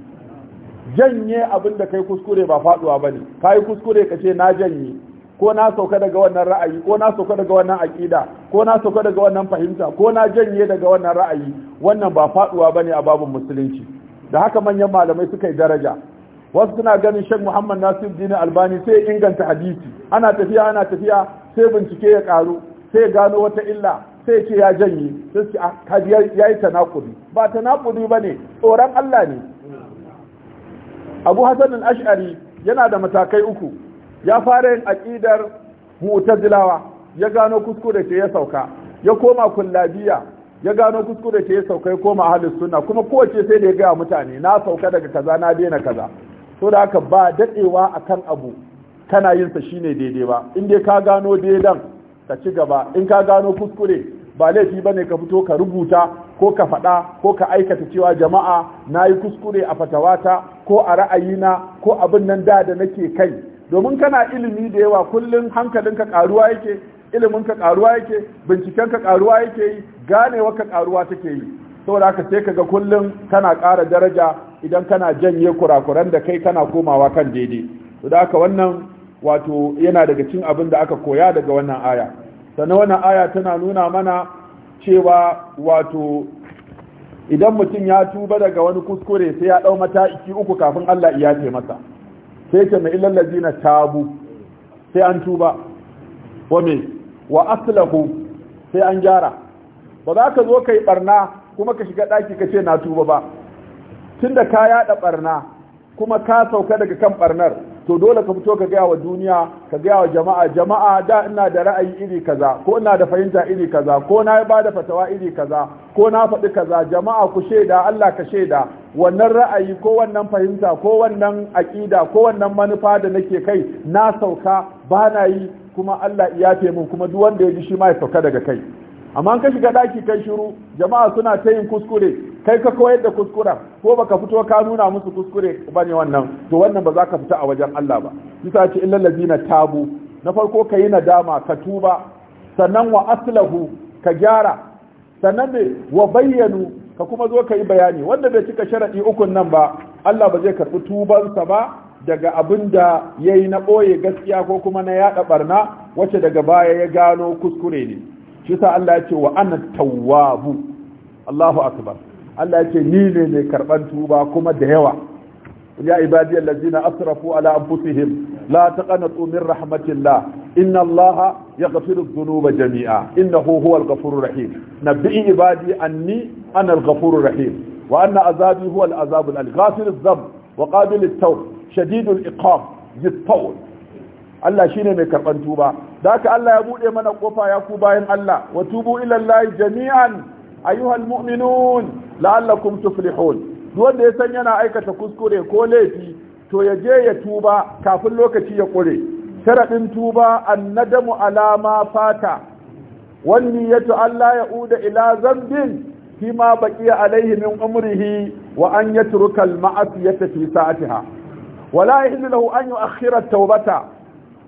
janye abin da kai kuskure ba faduwa bane yi kuskure ka ce na janye ko na sauka daga wannan ra'ayi ko na sauka daga wannan aƙida ko na sauka daga wannan fahimta ko na janye daga wannan ra'ayi wannan ba faduwa bane a babin musulunci da haka manyan malamai suka yi daraja wasu suna ganin Sheikh Muhammad Nasiruddin Albani sai inganta hadisi ana tafiya ana tafiya sai bincike ya karu sai gano wata illa sai ce ya janye sai ce ah, kaji yayi tanakudi ba ba bane tsoron Allah ne Abu Hassan al-Ash'ari yana da matakai uku ya fara yin aƙidar mu'tazilawa ya gano kuskure ce ya sauka ya koma kullabiya ya gano kuskure ce ya sauka ya koma ahlus sunna kuma kowace sai da ya gaya mutane na sauka daga kaza na daina kaza to da haka ba dadewa akan abu kana yin sa shine daidai ba in dai ka gano daidan ka ci gaba in ka gano kuskure ba laifi bane ka fito ka rubuta ko ka faɗa ko ka aikata cewa jama'a na yi kuskure a fatawata ko a ra'ayina ko abin nan da da nake kai domin kana ilimi da yawa kullum hankalinka karuwa yake ka karuwa yake binciken ka karuwa yake yi ka karuwa take yi saboda haka sai kaga kullum kana ƙara daraja idan kana janye kurakuran da kai kana komawa kan daidai saboda haka wannan wato yana daga cin abin da aka koya daga wannan aya sannan wannan aya tana nuna mana cewa wato idan mutum ya tuba daga wani kuskure sai ya ɗau iki uku kafin Allah iya ce masa sai ce mai illal zina tabu sai an tuba wa mai wa aslahu sai an gyara ba za ka zo ka yi barna kuma ka shiga ɗaki ka ce na tuba ba tunda ka yada barna kuma ka sauka daga kan barnar to dole ka fito ka gaya wa duniya ka gaya wa jama'a jama'a da ina da ra'ayi iri kaza ko ina da fahimta iri kaza ko na ba da fatawa iri kaza ko na faɗi kaza jama'a ku shaida Allah ka shaida wannan ra'ayi ko wannan fahimta ko wannan aƙida ko wannan manufa da nake kai na sauka ba na yi kuma Allah ya mun kuma duk wanda ya ji shi ma ya sauka daga kai amma ka shiga daki kai shiru jama'a suna ta yin kuskure kai ka koyar da kuskuren ko baka fito ka nuna musu kuskure ba ne wannan to wannan ba za ka fita a wajen Allah ba yasa ce illal ladina tabu na farko ka yi nadama ka tuba sannan wa aslahu ka gyara sannan ne wa bayyanu ka kuma zo ka yi bayani wanda bai cika sharaɗi ukun nan ba Allah ba zai karɓi tubansa ba daga abin da ya yi na ɓoye gaskiya ko kuma na yaɗa ɓarna wace daga baya ya gano kuskure ne shi sa Allah ya ce wa ana tawwabu Allahu akbar Allah ya ce ni ne mai karɓan tuba kuma da yawa ya ibadiyal ladina asrafu ala anfusihim la taqanatu tsumin rahmatillah inna allaha yaghfiru dhunuba jami'a innahu huwal ghafurur rahim nabbi ibadi anni ana al-ghafurur rahim wa anna azabi huwa al-azab al-ghafir adh-dhanb wa qabil at-tawb shadid al-iqab dhit mai karɓan tuba da haka Allah ya buɗe mana kofa ya ku bayan Allah wa tubu ila jami'an ayyuhan mu'minun la'allakum tuflihun duk wanda ya san yana aikata kuskure ko laifi to ya je ya tuba kafin lokaci ya ƙure taraɗin tuba annadamu alama fata wanni ya Allah ya uda ila zambin fi ma alaihi min umrihi wa an yatruka al-ma'asiyata fi sa'atiha wala yahillu lahu an yu'akhkhira at taubata,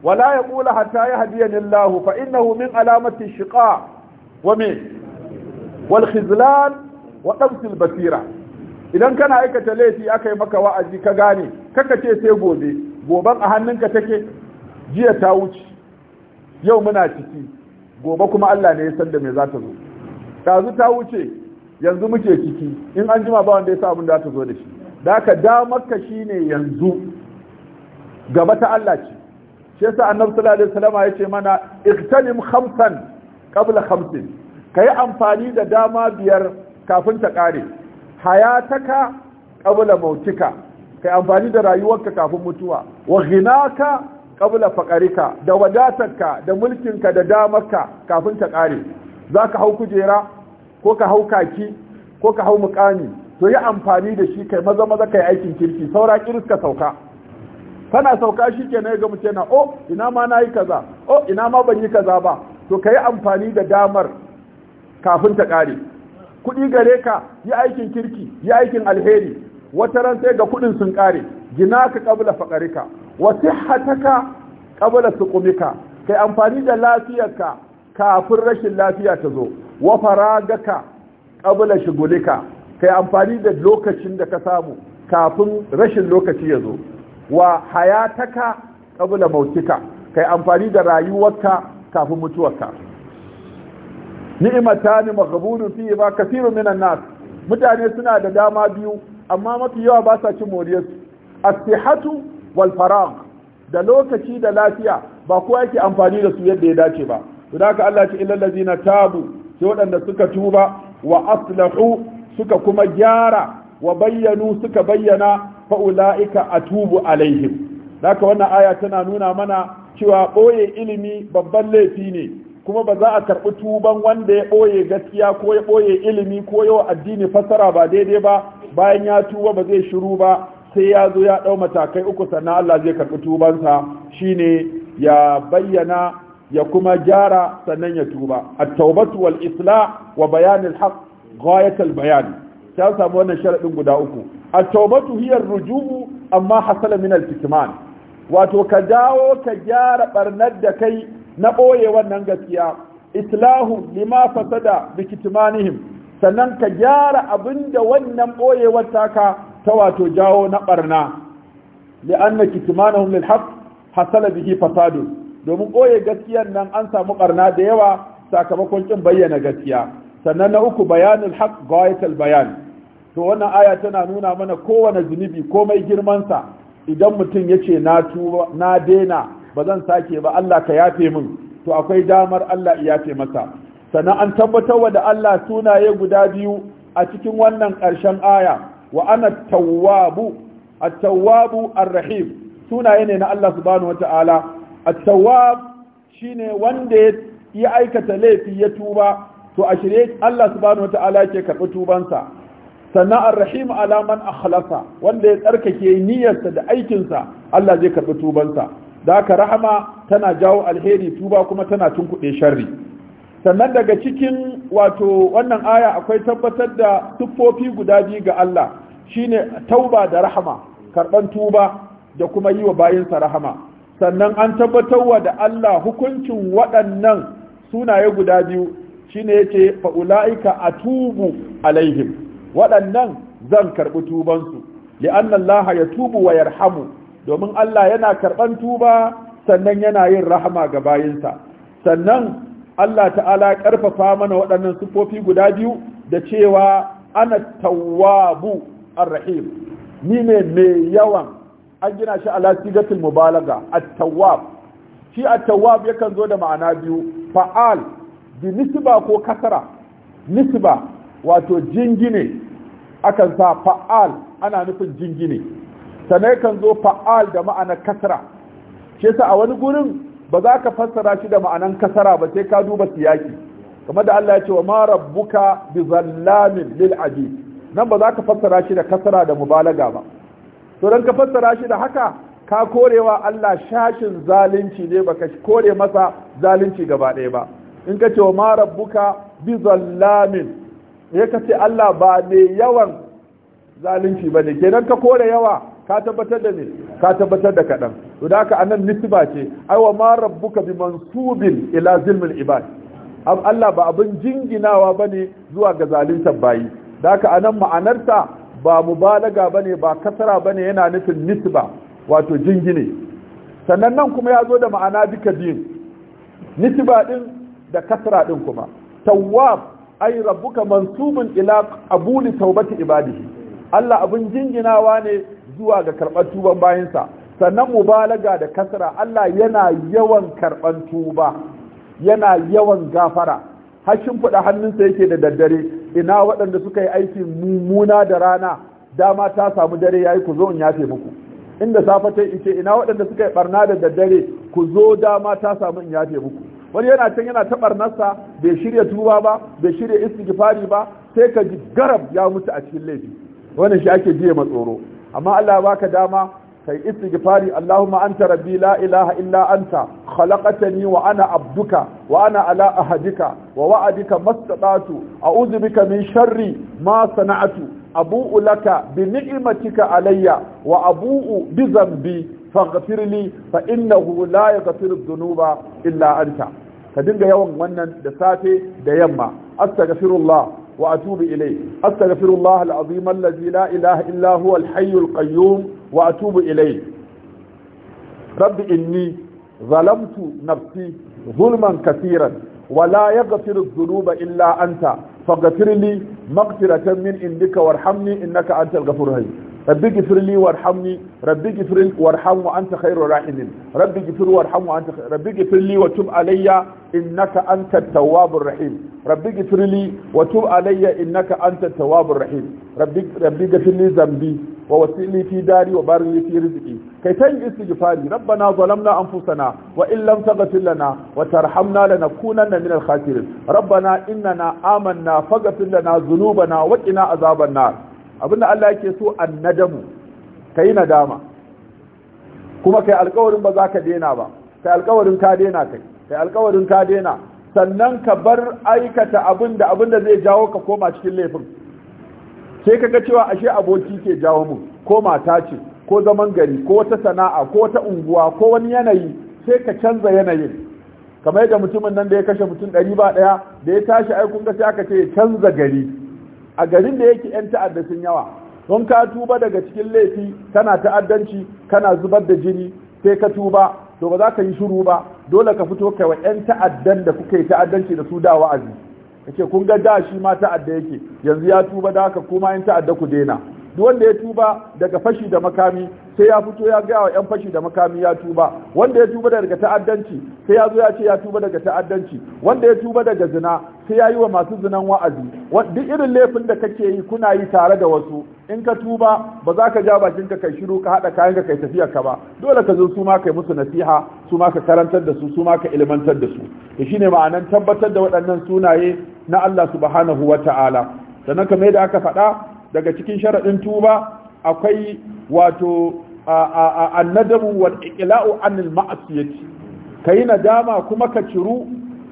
wala yaqulu hatta yahdiyani Allah fa innahu min alamati ash-shiqa wa min wal khizlan wa qamti basira idan kana aikata laifi aka yi maka wa'azi ka gane kaka ce sai gobe goban a hannunka take jiya ta wuce yau muna ciki gobe kuma Allah ne ya san da me za ta zo kazu ta wuce yanzu muke ciki in an jima ba wanda ya sa abin da ta zo da shi da ka damar ka shine yanzu gaba ta Allah ce shi yasa annabi sallallahu alaihi wasallam ya ce mana iktanim khamsan qabla khamsin kai amfani da dama biyar kafin ta kare hayataka qabla mautika kai amfani da rayuwarka kafin mutuwa wa ghinaka qabla faqarika da wadatarka da mulkinka da damarka kafin ta kare zaka hau kujera ko ka hau kaki ko ka hau mukami to yi amfani da shi kai maza maza kai aikin kirki saura kirka sauka kana sauka shi ke na ga mutum yana oh ina ma na yi kaza oh ina ma ban yi kaza ba to ka yi amfani da damar kafin ta ƙare kuɗi gare ka yi aikin kirki yi aikin alheri wata ran sai ga kuɗin sun ƙare gina ka ƙabula faƙarika wa hataka ƙabula ka, kai amfani da lafiyarka kafin rashin lafiya ta zo wa faragaka ƙabula ka, kai amfani da lokacin da ka samu kafin rashin lokaci ya zo wa hayataka ƙabula mautika kai amfani da rayuwarka kafin mutuwarka ni'matani maghbunun fihi ma kathirun minan nas mutane suna da dama biyu amma mafi yawa ba sa cin moriyar Asihatu as wal faragh da lokaci da lafiya ba kowa yake amfani da su yadda ya dace ba don haka Allah ce illal ladina tabu sai waɗanda suka tuba wa aslahu suka kuma gyara wa bayyanu suka bayyana fa ulaika atubu alaihim haka wannan aya tana nuna mana cewa ɓoye ilimi babban laifi ne kuma ba za a karɓi tuban wanda ya ɓoye gaskiya ko ya ɓoye ilimi ko yawa addini fassara ba daidai ba bayan ya tuba ba zai shiru ba sai ya zo ya ɗau matakai uku sannan Allah zai karɓi tubansa shine ya bayyana ya kuma gyara sannan ya tuba at-taubatu wal isla wa bayanin al-haq ghayat al-bayan ta samu wannan sharadin guda uku at-taubatu hiya ar-rujubu amma hasala min al-kitman wato ka dawo ka gyara barnar da kai na ɓoye wannan gaskiya islahu lima fasada bikitmanihim sannan ka gyara abinda da wannan ɓoyewar taka ta wato jawo na ɓarna li'anna kitmanahum lil haqq hasala bihi fasadu domin ɓoye gaskiyar nan an samu ɓarna da yawa sakamakon kin bayyana gaskiya sannan na uku bayanul haqq ghayatul bayan to wannan aya tana nuna mana kowane zunubi komai girmansa idan mutum yace na tuba na dena ba zan sake ba Allah ka yafe min to akwai damar Allah ya yafe masa sannan an tabbatarwa da Allah sunaye guda biyu a cikin wannan ƙarshen aya wa ana tawwabu at-tawwabu ar-rahim sunaye ne na Allah subhanahu wata'ala at-tawwab shine wanda ya aikata laifi ya tuba to a shirye Allah subhanahu wata'ala yake karɓi tubansa sannan ar-rahim ala man akhlasa wanda ya tsarkake niyyarsa da aikinsa Allah zai karɓi tubansa da ka rahama tana jawo alheri tuba kuma tana tunkuɗe sharri sannan daga cikin wato wannan aya akwai tabbatar da tuffofi guda biyu ga Allah shine tauba da rahama karban tuba da kuma yi wa bayinsa rahama sannan an tabbatarwa da Allah hukuncin waɗannan sunaye guda biyu shine yace fa'ulaika a tubu alaihim waɗannan zan karɓi tubansu li'anna Allah ya tubu wa yarhamu domin Allah yana karɓan tuba sannan yana yin rahama ga bayinsa sannan Allah ta'ala ƙarfafa mana waɗannan sufofi guda biyu da cewa ana tawwabu ar-rahim ni ne mai yawan an gina shi ala sigatul mubalaga at-tawwab shi at-tawwab yakan zo da ma'ana biyu fa'al bi nisba ko kasara nisba wato jingine akan sa fa'al ana nufin jingine sannan kan zo fa'al da ma'anar kasra shi yasa a wani gurin ba za ka fassara shi da ma'anar kasara ba sai ka duba siyaki kamar da Allah ya ce wa ma rabbuka bi zallamin lil nan ba za ka fassara shi da kasara da mubalaga ba to dan ka fassara shi da haka ka korewa Allah shashin zalunci ne baka kore masa zalunci gaba ɗaya ba in ka ce wa ma rabbuka bi zallamin ya ka ce Allah ba ne yawan zalunci ba ne kenan ka kore yawa ka tabbatar da ne ka tabbatar da kaɗan to da haka anan nisba ce ai wa ma rabbuka bi mansubin ila zilmil ibad am Allah ba abin jinginawa bane zuwa ga zaluntar bayi da haka anan ma'anarta ba mubalaga bane ba kasara bane yana nufin nisba wato jingine sannan nan kuma ya zo da ma'ana duka biyun nisba din da kasara din kuma tawwab ai rabbuka mansubun ila qabuli tawbati ibadihi Allah abin jinginawa ne zuwa ga karɓar tuban bayansa sannan mubalaga da kasara Allah yana yawan karɓar tuba yana yawan gafara hashin fuɗa hannunsa yake da daddare ina waɗanda suka yi aiki mummuna da rana dama ta samu dare yayi ku zo in yafe muku inda safe ta ice ina waɗanda suka yi barna da daddare ku zo dama ta samu in yafe muku wani yana can yana ta barnarsa bai shirya tuba ba bai shirya istighfari ba sai ka ji garab ya mutu a cikin laifi wannan shi ake jiya matsoro amma Allah baka dama kai istighfari Allahumma anta rabbi la ilaha illa anta khalaqtani wa ana abduka wa ana ala ahadika wa wa'adika mastata'tu a'udhu bika min sharri ma sana'tu abu'u laka bi ni'matika alayya wa abu'u bi dhanbi faghfir li fa innahu la yaghfiru dhunuba illa anta ka dinga yawan wannan da safe da yamma astaghfirullah وأتوب إليه أستغفر الله العظيم الذي لا إله إلا هو الحي القيوم وأتوب إليه رب إني ظلمت نفسي ظلما كثيرا ولا يغفر الذنوب إلا أنت فاغفر لي مغفرة من عندك وارحمني إنك أنت الغفور الرحيم rabbi gifirli warhamni rabbi gifirli warhamu anta khairur rahimin rabbi gifirli warhamu anta rabbi gifirli wa tub alayya innaka antat tawwabur rahim rabbi gifirli wa alayya innaka antat tawwabur rahim rabbi rabbi gifirli zambi wa wasili fi dari wa barik li fi rizqi kai tan istighfari rabbana zalamna anfusana wa in lam taghfir lana wa tarhamna lanakunanna minal khasirin rabbana innana amanna faghfir lana dhunubana wa qina azaban abinda Allah yake so annadamu kai nadama kuma kai alƙawarin ba za ka dena ba kai alƙawarin ka dena kai kai alƙawarin ka dena sannan ka bar aikata abinda abinda zai jawo ka koma cikin laifin sai kaga cewa ashe aboki ke jawo mu ko mata ce ko zaman gari ko wata sana'a ko wata unguwa ko wani yanayi sai ka canza yanayin kamar yadda mutumin nan da ya kashe mutum ɗari ba ɗaya da ya tashi aikun kun ka ce ya canza gari a garin da yake 'yan ta'adda sun yawa don ka tuba daga cikin laifi kana ta'addanci kana zubar da jini sai ka tuba to ba za ka yi shiru ba dole ka fito kai wa 'yan ta'addan da kuka yi ta'addanci da su da wa'azi kace kun ga da shi ma ta'adda yake yanzu ya tuba da haka kuma 'yan ta'adda ku daina duk wanda ya tuba daga fashi da makami sai ya fito ya gaya wa 'yan fashi da makami ya tuba wanda ya tuba daga ta'addanci sai ya zo ya ce ya tuba daga ta'addanci wanda ya tuba daga zina sai ya yi wa masu zinan wa'azi duk irin laifin da kake yi kuna yi tare da wasu in ka tuba ba za ka ja bakin ka kai shiru ka haɗa kayan ka kai tafiya ka ba dole ka zo su ma kai musu nasiha su ma ka karantar da su su ma ka ilmantar da su to shine ma'anan tabbatar da waɗannan sunaye na Allah subhanahu wata'ala sannan kamar da aka faɗa daga cikin sharaɗin tuba akwai wato annadamu wal iqla'u anil ma'siyati kai nadama kuma ka ciru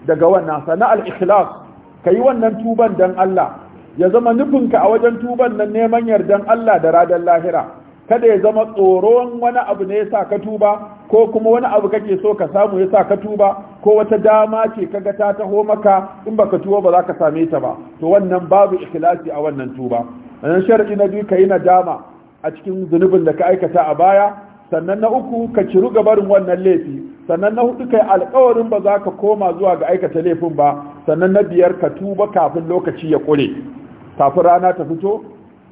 daga wannan sana al-ikhlas ka yi wannan tuban dan Allah ya zama nufinka a wajen tuban nan neman yardan Allah da radan lahira kada ya zama tsoron wani abu ne yasa ka tuba ko kuma wani abu kake so ka samu yasa ka tuba ko wata dama ce kaga ta taho maka in baka tuba ba za ka same ta ba to wannan babu ikhlasi a wannan tuba an sharri na biyu ka yi nadama a cikin zunubin da ka aikata a baya sannan na uku ka ciru gabarin wannan laifi sannan na hudu kai alƙawarin ba za ka koma zuwa ga aikata laifin ba sannan na biyar ka tuba kafin lokaci ya ƙure kafin rana ta fito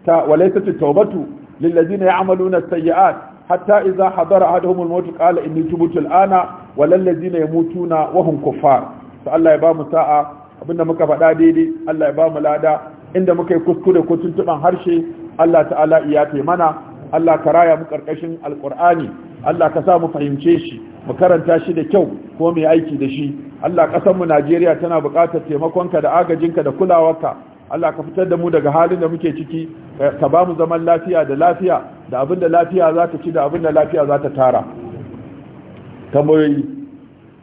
ta walaita ta taubatu lillazina ya'maluna sayyi'at hatta idza hadara ahaduhum al-maut qala inni tubtu al'ana ana walal ladzina yamutuna wa hum kuffar to Allah ya ba mu sa'a abinda muka faɗa daidai Allah ya ba mu lada inda muka yi kuskure ko tuntuban harshe Allah ta'ala iya mana Allah karaya raya mu karkashin alqur'ani Allah ka sa mu fahimce shi mu karanta shi da kyau ko mai aiki da shi Allah kasanmu mu Najeriya tana buƙatar taimakonka da agajinka da kulawarka Allah ka fitar da mu daga halin da muke ciki ka ba mu zaman lafiya da lafiya da abin da lafiya za ta ci da abin lafiya za ta tara tambayoyi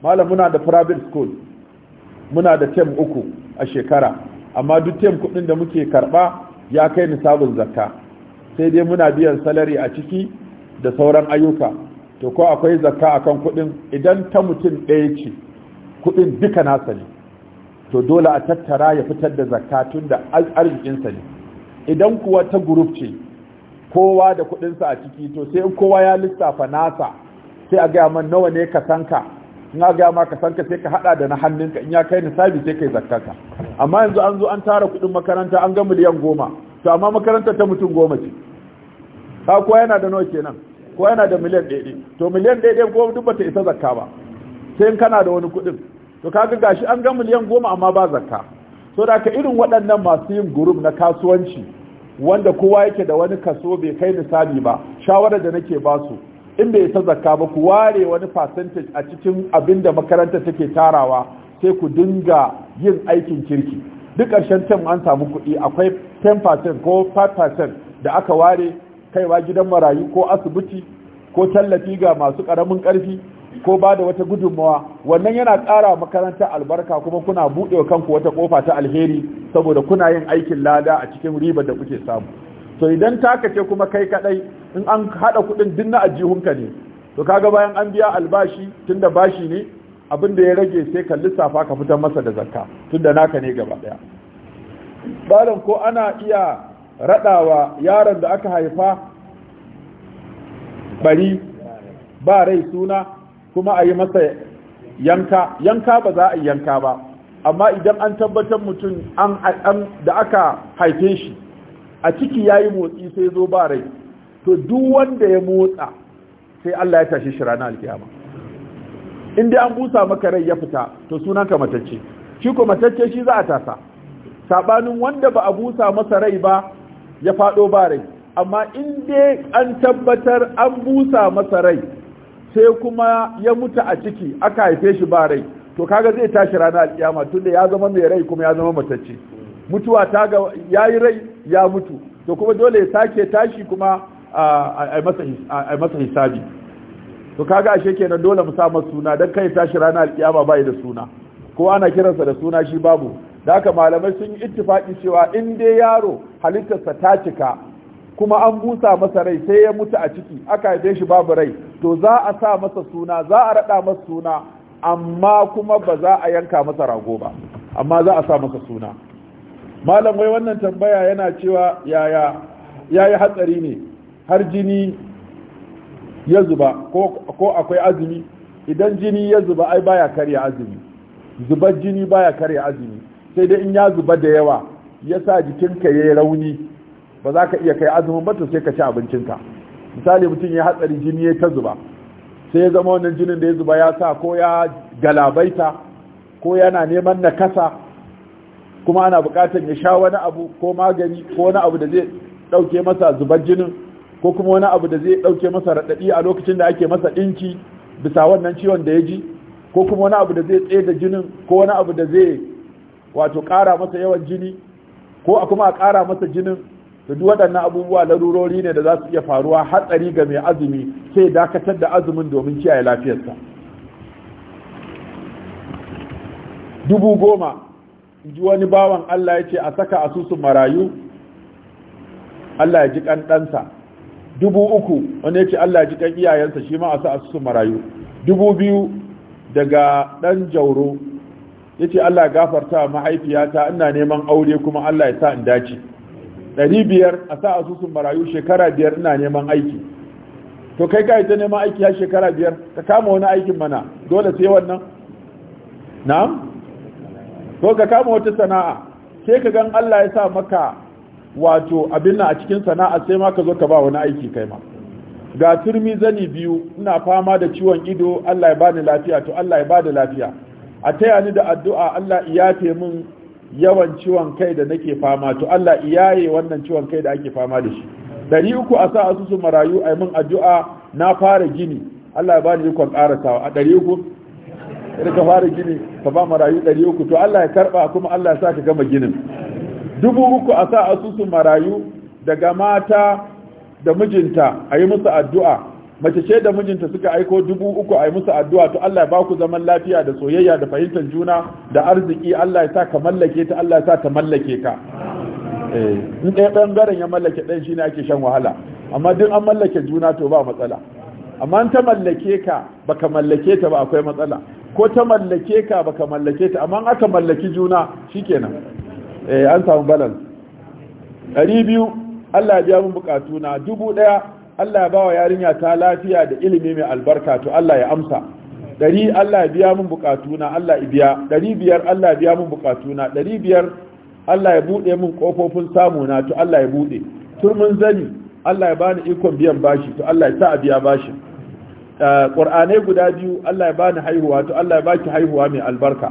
malam muna da private school muna da tem uku a shekara amma duk tem kudin da muke karba ya kai nisabin zakka sai dai muna biyan salari a ciki da sauran ayyuka to ko akwai zakka akan kuɗin idan ta mutum ɗaya ce kuɗin duka nasa ne to dole a tattara ya fitar da zakka tun da arzikinsa ne idan kuwa ta guruf ce kowa da kuɗinsa a ciki to sai in kowa ya lissafa nasa sai a gaya man nawa ne ka sanka in a gaya ma ka sanka sai ka hada da na hannunka in ya kai nisabi sai kai zakkarka amma yanzu an zo an tara kuɗin makaranta an ga miliyan goma to amma makaranta ta mutum goma ce ka kuwa yana da nawa kenan ko yana da miliyan ɗaya to miliyan ɗaya ko duk bata isa zakka ba sai in kana da wani kuɗin to kaga gashi an ga miliyan goma amma ba zakka so da ka irin waɗannan masu yin gurub na kasuwanci wanda kowa yake da wani kaso bai kai nisabi ba shawarar da nake ba su in bai isa zakka ba ku ware wani percentage a cikin abin da makaranta take tarawa sai ku dinga yin aikin kirki duk ƙarshen tem an samu kuɗi akwai 10% ko 5% da aka ware kaiwa gidan marayu ko asibiti ko tallafi ga masu karamin karfi ko ba da wata gudunmawa wannan yana ƙara makarantar albarka kuma kuna buɗe kanku wata kofa ta alheri saboda kuna yin aikin lada a cikin ribar da kuke samu to idan taka ce kuma kai kaɗai in an haɗa kuɗin duk na ajihunka ne to kaga bayan an biya albashi tunda bashi ne abin da ya rage sai ka lissafa ka fitar masa da zakka tunda naka ne gaba ɗaya balan ko ana iya raɗawa yaron da aka haifa bari ba rai suna kuma a yi masa yanka yanka ba za a yi yanka ba amma idan an tabbatar mutum an da aka haife shi a ciki ya yi motsi sai zo ba rai to duk wanda ya motsa sai Allah ya tashi shira na alkiyama Inda an busa maka rai ya fita to sunanka matacce shi ko matacce shi za a tasa sabanin wanda ba a busa masa rai ba ya faɗo ba rai amma in dai an tabbatar an busa masa rai sai kuma ya mutu a ciki aka haife shi ba rai to kaga zai tashi ranar alkiyama tunda ya zama mai rai kuma ya zama matacce mutuwa ta ga yi rai ya mutu to kuma dole ya sake tashi kuma a masa hisabi to kaga ashe kenan dole mu sa masa suna dan kai tashi rana alkiyama bai da suna ko ana kiransa da suna shi babu da haka malamai sun yi ittifaki cewa in dai yaro halittarsa ta cika kuma an busa masa rai sai ya mutu a ciki aka haife shi babu rai to za a sa masa suna za a raɗa masa suna amma kuma ba za a yanka masa rago ba amma za a sa masa suna malam wai wannan tambaya yana cewa yaya yayi hatsari ne har jini ya zuba ko akwai azumi idan jini ya zuba ai baya karya azumi zubar jini baya karya azumi sai dai in ya zuba da yawa ya sa jikinka ya yi rauni ba za ka iya kai azumin ba to sai ka ci abincinka misali mutum ya hatsari jini ya ta zuba sai ya zama wannan jinin da ya zuba ya sa ko ya galabaita ko yana neman nakasa kuma ana bukatar ya sha wani abu ko magani ko wani abu da zai dauke masa zubar jinin ko kuma wani abu da zai dauke masa radadi a lokacin da ake masa dinki bisa wannan ciwon da ya ji ko kuma wani abu da zai tsaye da jinin ko wani abu da zai wato ƙara masa yawan jini ko a kuma a ƙara masa jinin da duk waɗannan abubuwa larurori ne da za su iya faruwa hatsari ga mai azumi sai dakatar da azumin domin kiyaye lafiyarsa dubu goma ji wani bawan Allah ya ce a saka asusun marayu Allah ya ji ƙanɗansa. dubu uku wani ya ce Allah ya ji ƙan iyayensa shi ma a sa asusun marayu dubu biyu daga ɗan jauro Ya ce Allah ya gafarta mahaifiyata ina neman aure kuma Allah ya sa in dace ɗari biyar a sa asusun marayu shekara biyar ina neman aiki to kai ka ta neman aiki har shekara biyar ka kama wani aikin mana dole sai wannan na'am to ka kama wata sana'a sai ka gan Allah ya sa maka wato abin nan a cikin sana'a sai ma ka zo ka ba wani aiki kai ma ga turmi zani biyu ina fama da ciwon ido Allah ya bani lafiya to Allah ya bada lafiya a taya ni da addu'a Allah iyafe min yawan ciwon kai da nake fama to Allah iyaye wannan ciwon kai da ake fama da shi dari uku a sa asusun marayu a min addu'a na fara gini Allah ya bani ikon karasawa a dari uku da ka fara gini ka ba marayu dari uku to Allah ya karba kuma Allah ya sa ka gama ginin dubu uku a sa asusun marayu daga mata da mijinta a yi musu addu'a mace ce da mijinta suka aiko dubu uku a yi musu addu'a to Allah ya ku zaman lafiya da soyayya da fahimtar juna da arziki Allah ya sa ka mallake ta Allah ya sa ta mallake ka eh, in ɗaya ɓangaren ya mallake ɗan shi ne ake shan wahala amma duk an mallake juna to ba matsala amma ta mallake ka baka mallake ta ba akwai matsala ko ta mallake ka baka mallake ta amma aka mallaki juna shikenan eh an samu balance 200 biyu Allah ya biya mun bukatuna dubu ɗaya Allah ya bawa yarinya ta lafiya da ilimi mai albarka to Allah ya amsa dari Allah ya biya mun bukatuna Allah ya biya dari biyar Allah ya biya mun bukatuna dari biyar Allah ya bude mun kofofin samu na to Allah ya bude turmin zani Allah ya bani ikon biyan bashi to Allah ya sa a biya bashi Qur'anai guda biyu Allah ya bani haihuwa to Allah ya baki haihuwa mai albarka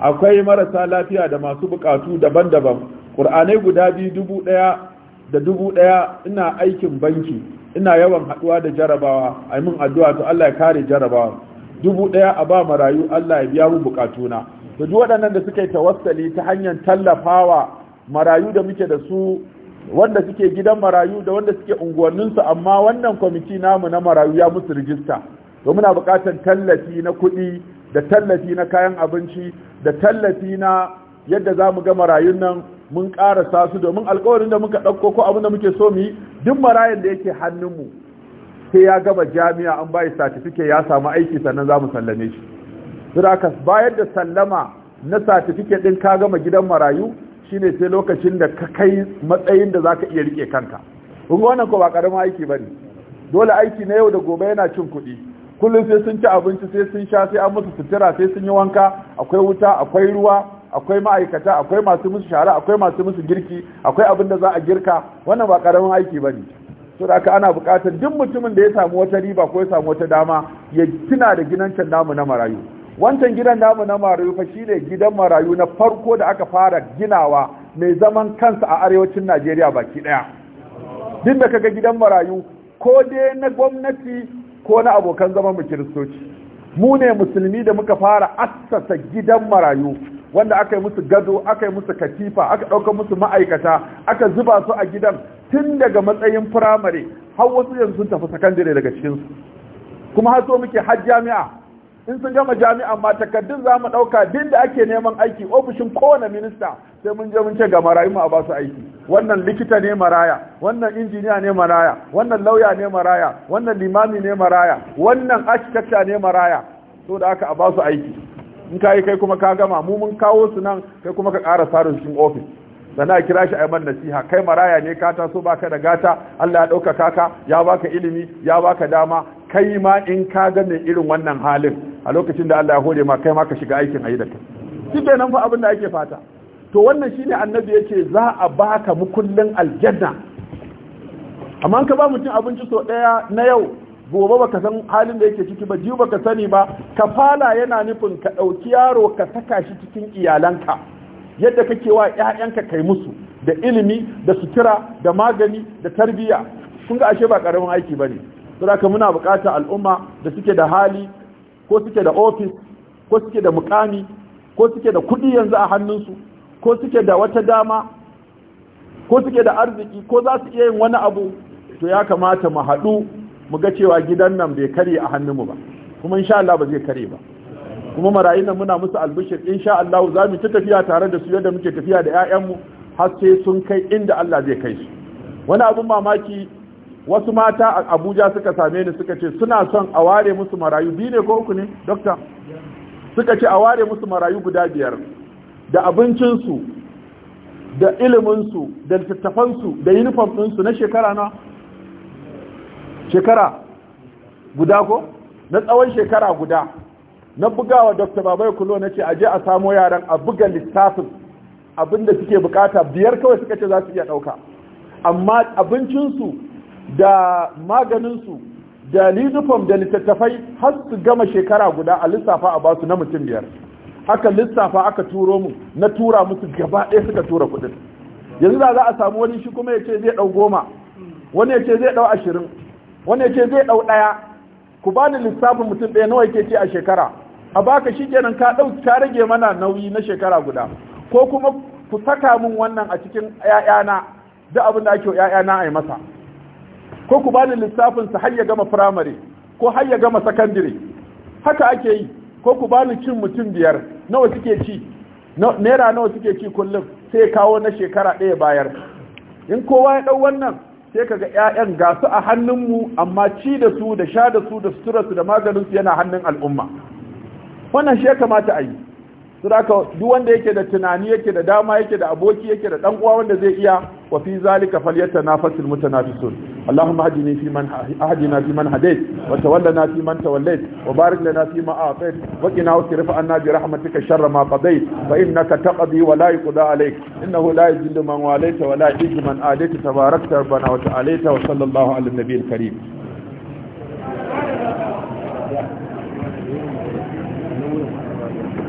akwai marasa lafiya da masu bukatu daban-daban Qur'anai guda biyu dubu daya da dubu daya ina aikin banki ina yawan haduwa da jarabawa a min addu'a to Allah ya kare jarabawa dubu ɗaya a ba marayu Allah ya biya mu bukatuna to duk waɗannan da suka tawassali ta hanyar tallafawa marayu da muke da su wanda suke gidan marayu da wanda suke unguwanninsu amma wannan kwamiti namu na marayu ya musu rijista to muna bukatar tallafi na kuɗi da tallafi na kayan abinci da tallafi na yadda za mu ga marayun nan mun sa su domin alkawarin da muka ɗauko ko abin da muke so mu yi duk marayan da yake hannunmu sai ya gaba jami'a an bayi satifike ya samu aiki sannan za mu sallame shi suraka bayar da sallama na satifike ɗin ka gama gidan marayu shine sai lokacin da ka kai matsayin da zaka iya rike kanka kun wannan ko ba ƙaramin aiki ba dole aiki na yau da gobe yana cin kuɗi kullum sai sun ci abinci sai sun sha sai an musu sutura sai sun yi wanka akwai wuta akwai ruwa akwai ma'aikata akwai masu musu shara akwai masu musu girki akwai abin da za a girka wannan ba karamin aiki ba ne so da aka ana buƙatar duk mutumin da ya samu wata riba ko ya samu wata dama ya tuna da gidancen namu na marayu wancan gidan namu na marayu fa shine gidan marayu na farko da aka fara ginawa mai zaman kansa a arewacin Najeriya baki ɗaya. duk da kaga gidan marayu ko dai na gwamnati ko na abokan zaman mu kiristoci mu ne musulmi da muka fara assasa gidan marayu wanda aka yi musu gado aka yi musu katifa aka ɗauka musu ma'aikata aka zuba su a gidan tun daga matsayin firamare har wasu yanzu sun tafi sakandare daga cikinsu kuma har so muke har jami'a in sun gama jami'a ma takardun za mu ɗauka din da ake neman aiki ofishin kowane minista sai mun je mun ce ga marayu mu a ba su aiki wannan likita ne maraya wannan injiniya ne maraya wannan lauya ne maraya wannan limami ne maraya wannan architecture ne maraya so da aka a ba su aiki in ka yi kai kuma ka gama mu mun kawo su nan kai kuma ka ƙara sarin cikin ofis sana a kira shi a man nasiha kai maraya ne ka taso baka da gata Allah ya ɗaukaka ka ya baka ilimi ya baka dama kai ma in ka ga mai irin wannan halin a lokacin da Allah ya hore ma kai ma ka shiga aikin ayi da kai shi kenan fa abin da ake fata to wannan shine annabi ce za a baka mukullin aljanna amma an ka ba mutum abinci sau daya na yau gobe baka san halin da yake ciki ba ba baka sani ba kafala yana nufin ka ɗauki yaro ka saka shi cikin iyalanka yadda kake wa ƴaƴanka kai musu da ilimi da sutura da magani da tarbiyya kun ga ashe ba ƙaramin aiki ba ne saboda muna buƙatar al'umma da suke da hali ko suke da ofis ko suke da mukami ko suke da kuɗi yanzu a hannunsu ko suke da wata dama ko suke da arziki ko za su iya yin wani abu to ya kamata mu haɗu mu ga cewa gidan nan bai kare a hannunmu ba kuma insha Allah ba zai kare ba kuma marayu nan muna musu albishir insha Allah za mu ci tafiya tare da su yadda muke tafiya da ƴaƴanmu har sai sun kai inda Allah zai kai su wani abun mamaki wasu mata a Abuja suka same ni suka ce suna son a ware musu marayu biyu ne ko uku ne doctor suka ce a ware musu marayu guda biyar da abincinsu da iliminsu da littattafansu da uniform ɗinsu na shekara na shekara guda ko na tsawon shekara guda na bugawa dr babai kulo na ce aje a samo yaran a buga littafin abinda suke bukata biyar kawai suka ce za su iya ɗauka amma abincinsu da maganinsu da lidufam da littattafai har su gama shekara guda a lissafa a basu na mutum biyar aka lissafa aka turo mu na tura musu gaba ɗaya suka tura kuɗin yanzu za a samu wani shi kuma ya ce zai ɗau goma wani ya ce zai ɗau ashirin wanda ce zai ɗau ɗaya ku ba ni lissafin mutum ɗaya nawa yake ce a shekara a baka shi kenan ka ɗau ka rage mana nauyi na shekara guda ko kuma ku saka min wannan a cikin ‘ya'yana da abin da ake wa ‘ya'yana a yi masa ko ku ba ni lissafin sa har ya gama firamare ko har ya gama sakandire haka ake yi ko ku ba ni cin mutum biyar nawa suke ci naira nawa suke ci kullum sai kawo na shekara ɗaya bayar in kowa ya ɗau wannan sai kaga ƴaƴan ga su a hannunmu amma ci da su da sha da su da sutura su da maganin su yana hannun al'umma wannan shi ya kamata a yi saboda duk wanda yake da tunani yake da dama yake da aboki yake da dan uwa wanda zai iya وفي ذلك فليتنافس المتنافسون اللهم اهدني في من اهدنا في من هديت وتولنا في من توليت وبارك لنا فيما اعطيت وقنا واصرف عنا برحمتك شر ما قضيت فانك تقضي ولا يقضى عليك انه لا يذل من واليت ولا يعز من عاديت تباركت ربنا وتعاليت وصلى الله على النبي الكريم